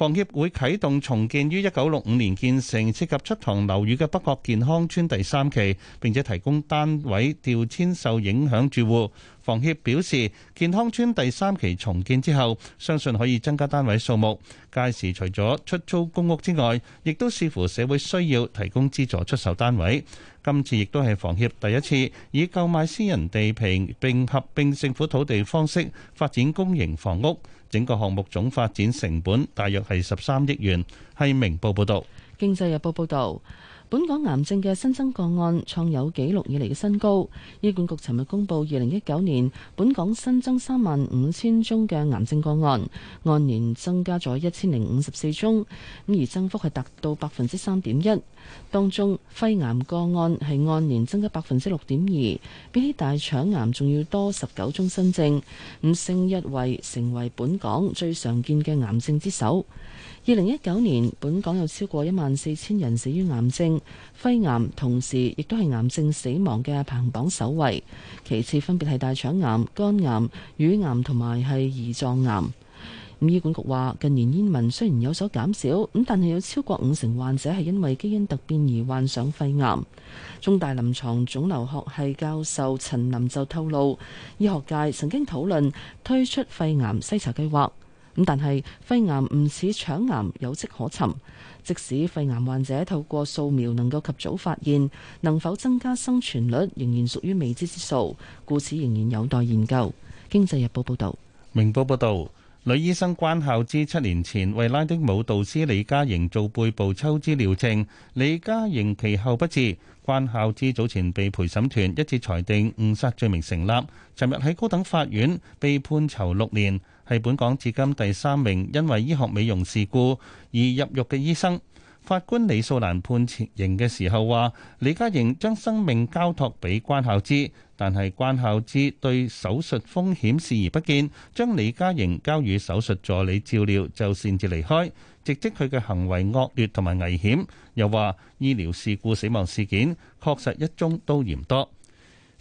[SPEAKER 4] 房協會啟動重建於一九六五年建成、涉及七幢樓宇嘅北角健康村第三期，並且提供單位調遷受影響住戶。房協表示，健康村第三期重建之後，相信可以增加單位數目。屆時除咗出租公屋之外，亦都視乎社會需要提供資助出售單位。今次亦都係房協第一次以購買私人地皮並合併政府土地方式發展公營房屋。整個項目總發展成本大約係十三億元。係明報報導，
[SPEAKER 3] 《經濟日報》報導。本港癌症嘅新增個案創有紀錄以嚟嘅新高。醫管局尋日公布，二零一九年本港新增三萬五千宗嘅癌症個案，按年增加咗一千零五十四宗，咁而增幅係達到百分之三點一。當中肺癌個案係按年增加百分之六點二，比起大腸癌仲要多十九宗新症，五升一位成為本港最常見嘅癌症之首。二零一九年，本港有超過一萬四千人死於癌症，肺癌同時亦都係癌症死亡嘅排行榜首位，其次分別係大腸癌、肝癌、乳癌同埋係胰臟癌。咁醫管局話，近年煙民雖然有所減少，咁但係有超過五成患者係因為基因突變而患上肺癌。中大臨牀腫瘤學系教授陳林就透露，醫學界曾經討論推出肺癌篩查計劃。咁但係肺癌唔似腸癌有跡可尋，即使肺癌患者透過掃描能夠及早發現，能否增加生存率仍然屬於未知之數，故此仍然有待研究。經濟日報報導，
[SPEAKER 4] 明報報導，女醫生關孝芝七年前為拉丁舞導師李嘉瑩做背部抽脂療程，李嘉瑩其後不治，關孝芝早前被陪審團一致裁定誤殺罪名成立，尋日喺高等法院被判囚六年。係本港至今第三名因為醫學美容事故而入獄嘅醫生。法官李素蘭判，判刑嘅時候話：李嘉盈將生命交託俾關孝之，但係關孝之對手術風險視而不見，將李嘉盈交予手術助理照料就擅自離開，直即佢嘅行為惡劣同埋危險。又話醫療事故死亡事件確實一宗都嫌多。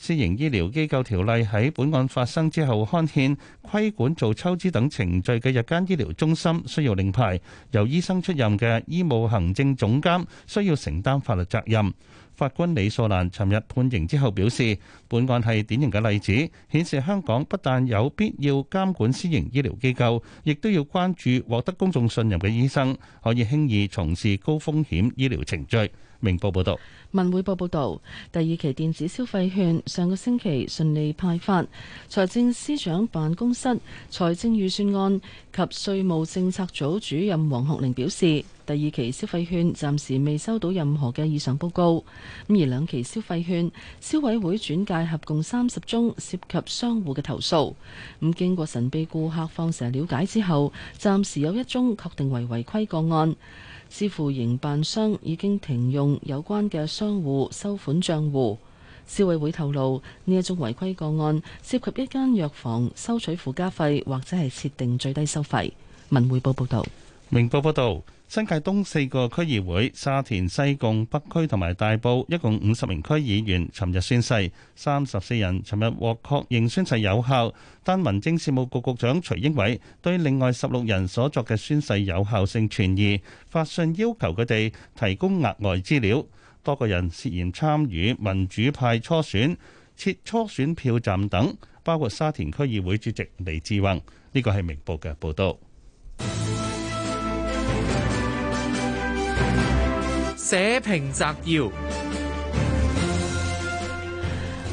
[SPEAKER 4] 私營醫療機構條例喺本案發生之後刊憲規管，做抽脂等程序嘅日間醫療中心需要領牌，由醫生出任嘅醫務行政總監需要承擔法律責任。法官李素蘭尋日判刑之後表示，本案係典型嘅例子，顯示香港不但有必要監管私營醫療機構，亦都要關注獲得公眾信任嘅醫生可以輕易從事高風險醫療程序。明報報道，
[SPEAKER 3] 文匯報報道，第二期電子消費券上個星期順利派發。財政司長辦公室、財政預算案及稅務政策組主任黃學玲表示，第二期消費券暫時未收到任何嘅以上報告。咁而兩期消費券消委會轉介合共三十宗涉及商戶嘅投訴。咁經過神秘顧客放蛇了解之後，暫時有一宗確定為違規個案。支付營辦商已經停用有關嘅商戶收款賬戶。消委會透露呢一種違規個案涉及一間藥房收取附加費，或者係設定最低收費。文匯報報導，
[SPEAKER 4] 明報報導。新界東四個區議會、沙田、西貢、北區同埋大埔，一共五十名區議員，尋日宣誓，三十四人尋日獲確認宣誓有效，但民政事務局局長徐英偉對另外十六人所作嘅宣誓有效性存疑，發信要求佢哋提供額外資料。多個人涉嫌參與民主派初選、設初選票站等，包括沙田區議會主席李志宏。呢個係
[SPEAKER 9] 明報嘅報導。
[SPEAKER 3] 社評摘要：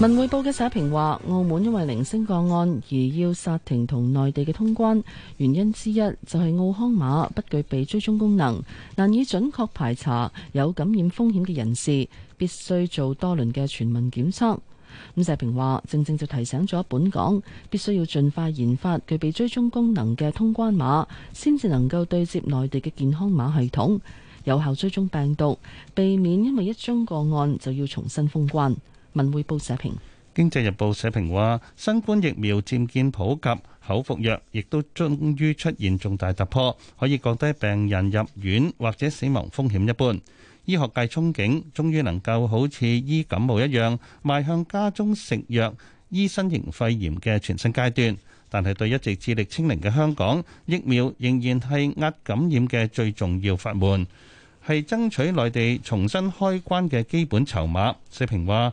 [SPEAKER 3] 文匯報嘅社評話，澳門因為零星個案而要煞停同內地嘅通關，原因之一就係澳康碼不具備追蹤功能，難以準確排查有感染風險嘅人士，必須做多輪嘅全民檢測。咁社評話，正正就提醒咗本港必須要盡快研發具備追蹤功能嘅通關碼，先至能夠對接內地嘅健康碼系統。有效追蹤病毒，避免因為一宗個案就要重新封關。文匯報社評，
[SPEAKER 4] 《經濟日報》社評話：新冠疫苗漸見普及，口服藥亦都終於出現重大突破，可以降低病人入院或者死亡風險一半。醫學界憧憬終於能夠好似醫感冒一樣，邁向家中食藥醫新型肺炎嘅全新階段。但係對一直致力清零嘅香港，疫苗仍然係遏感染嘅最重要法門。係爭取內地重新開關嘅基本籌碼。社評話：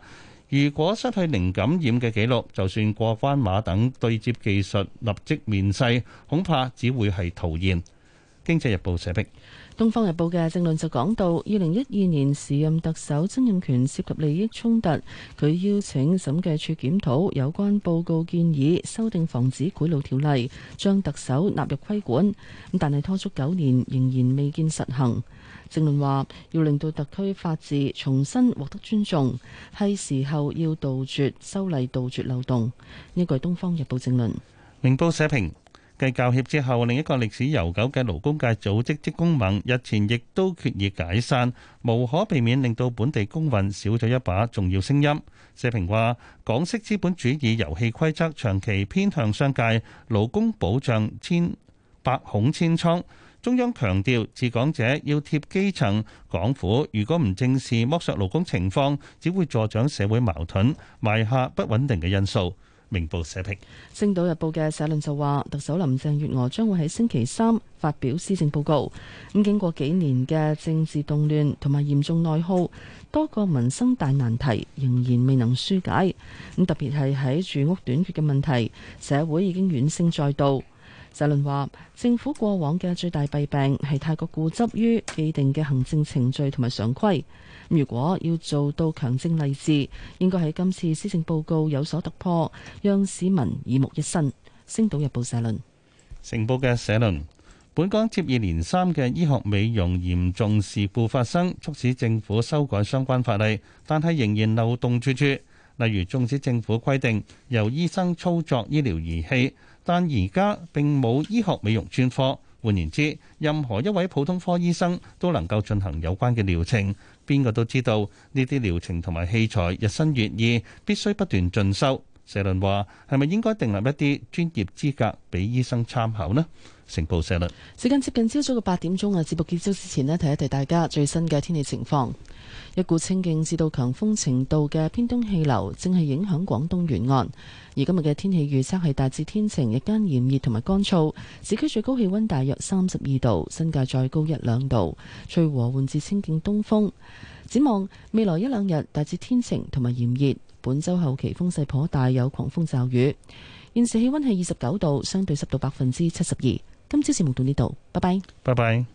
[SPEAKER 4] 如果失去零感染嘅記錄，就算過關碼等對接技術立即面世，恐怕只會係徒然。經濟日報社評，
[SPEAKER 3] 東方日報嘅政論就講到，二零一二年時任特首曾蔭權涉及利益衝突，佢邀請審計處檢討有關報告建議，修訂防止賄賂條例，將特首納入規管。但係拖足九年，仍然未見實行。政論話要令到特區法治重新獲得尊重，係時候要杜絕修例、杜絕漏洞。呢個係《東方日報》政論。明報社評：繼
[SPEAKER 4] 教協之後，另一個歷史悠久嘅勞工界組織職工盟日前亦都決議解散，無可避免令到本地工運少咗一把重要聲音。社評話：港式資本主義遊戲規則長期偏向商界，勞工保障千百孔千瘡。中央強調，治港者要貼基層、港府，如果唔正視剝削勞工情況，只會助長社會矛盾，埋下不穩定嘅因素。明報社評。
[SPEAKER 3] 《星島日報》嘅社論就話，特首林鄭月娥將會喺星期三發表施政報告。咁經過幾年嘅政治動亂同埋嚴重內耗，多個民生大難題仍然未能紓解。咁特別係喺住屋短缺嘅問題，社會已經怨聲載道。社論話，政府過往嘅最大弊病係太過固執於既定嘅行政程序同埋常規。如果要做到強政勵治，應該喺今次施政報告有所突破，讓市民耳目一新。星島日報社論。
[SPEAKER 4] 成報嘅社論，本港接二連三嘅醫學美容嚴重事故發生，促使政府修改相關法例，但係仍然漏洞處處，例如縱使政府規定由醫生操作醫療儀器。但而家並冇醫學美容專科，換言之，任何一位普通科醫生都能夠進行有關嘅療程。邊個都知道呢啲療程同埋器材日新月異，必須不斷進修。社論話：係咪應該訂立一啲專業資格俾醫生參考呢？成報社論。
[SPEAKER 3] 時間接近朝早嘅八點鐘啊，節目結束之前呢，提一提大家最新嘅天氣情況。一股清勁至到強風程度嘅偏東氣流，正係影響廣東沿岸。而今日嘅天氣預測係大致天晴，日間炎熱同埋乾燥，市區最高氣溫大約三十二度，新界再高一兩度，吹和緩至清勁東風。展望未來一兩日，大致天晴同埋炎熱，本周後期風勢頗大，有狂風驟雨。現時氣溫係二十九度，相對濕度百分之七
[SPEAKER 8] 十二。今朝節目到呢度，拜拜，拜拜。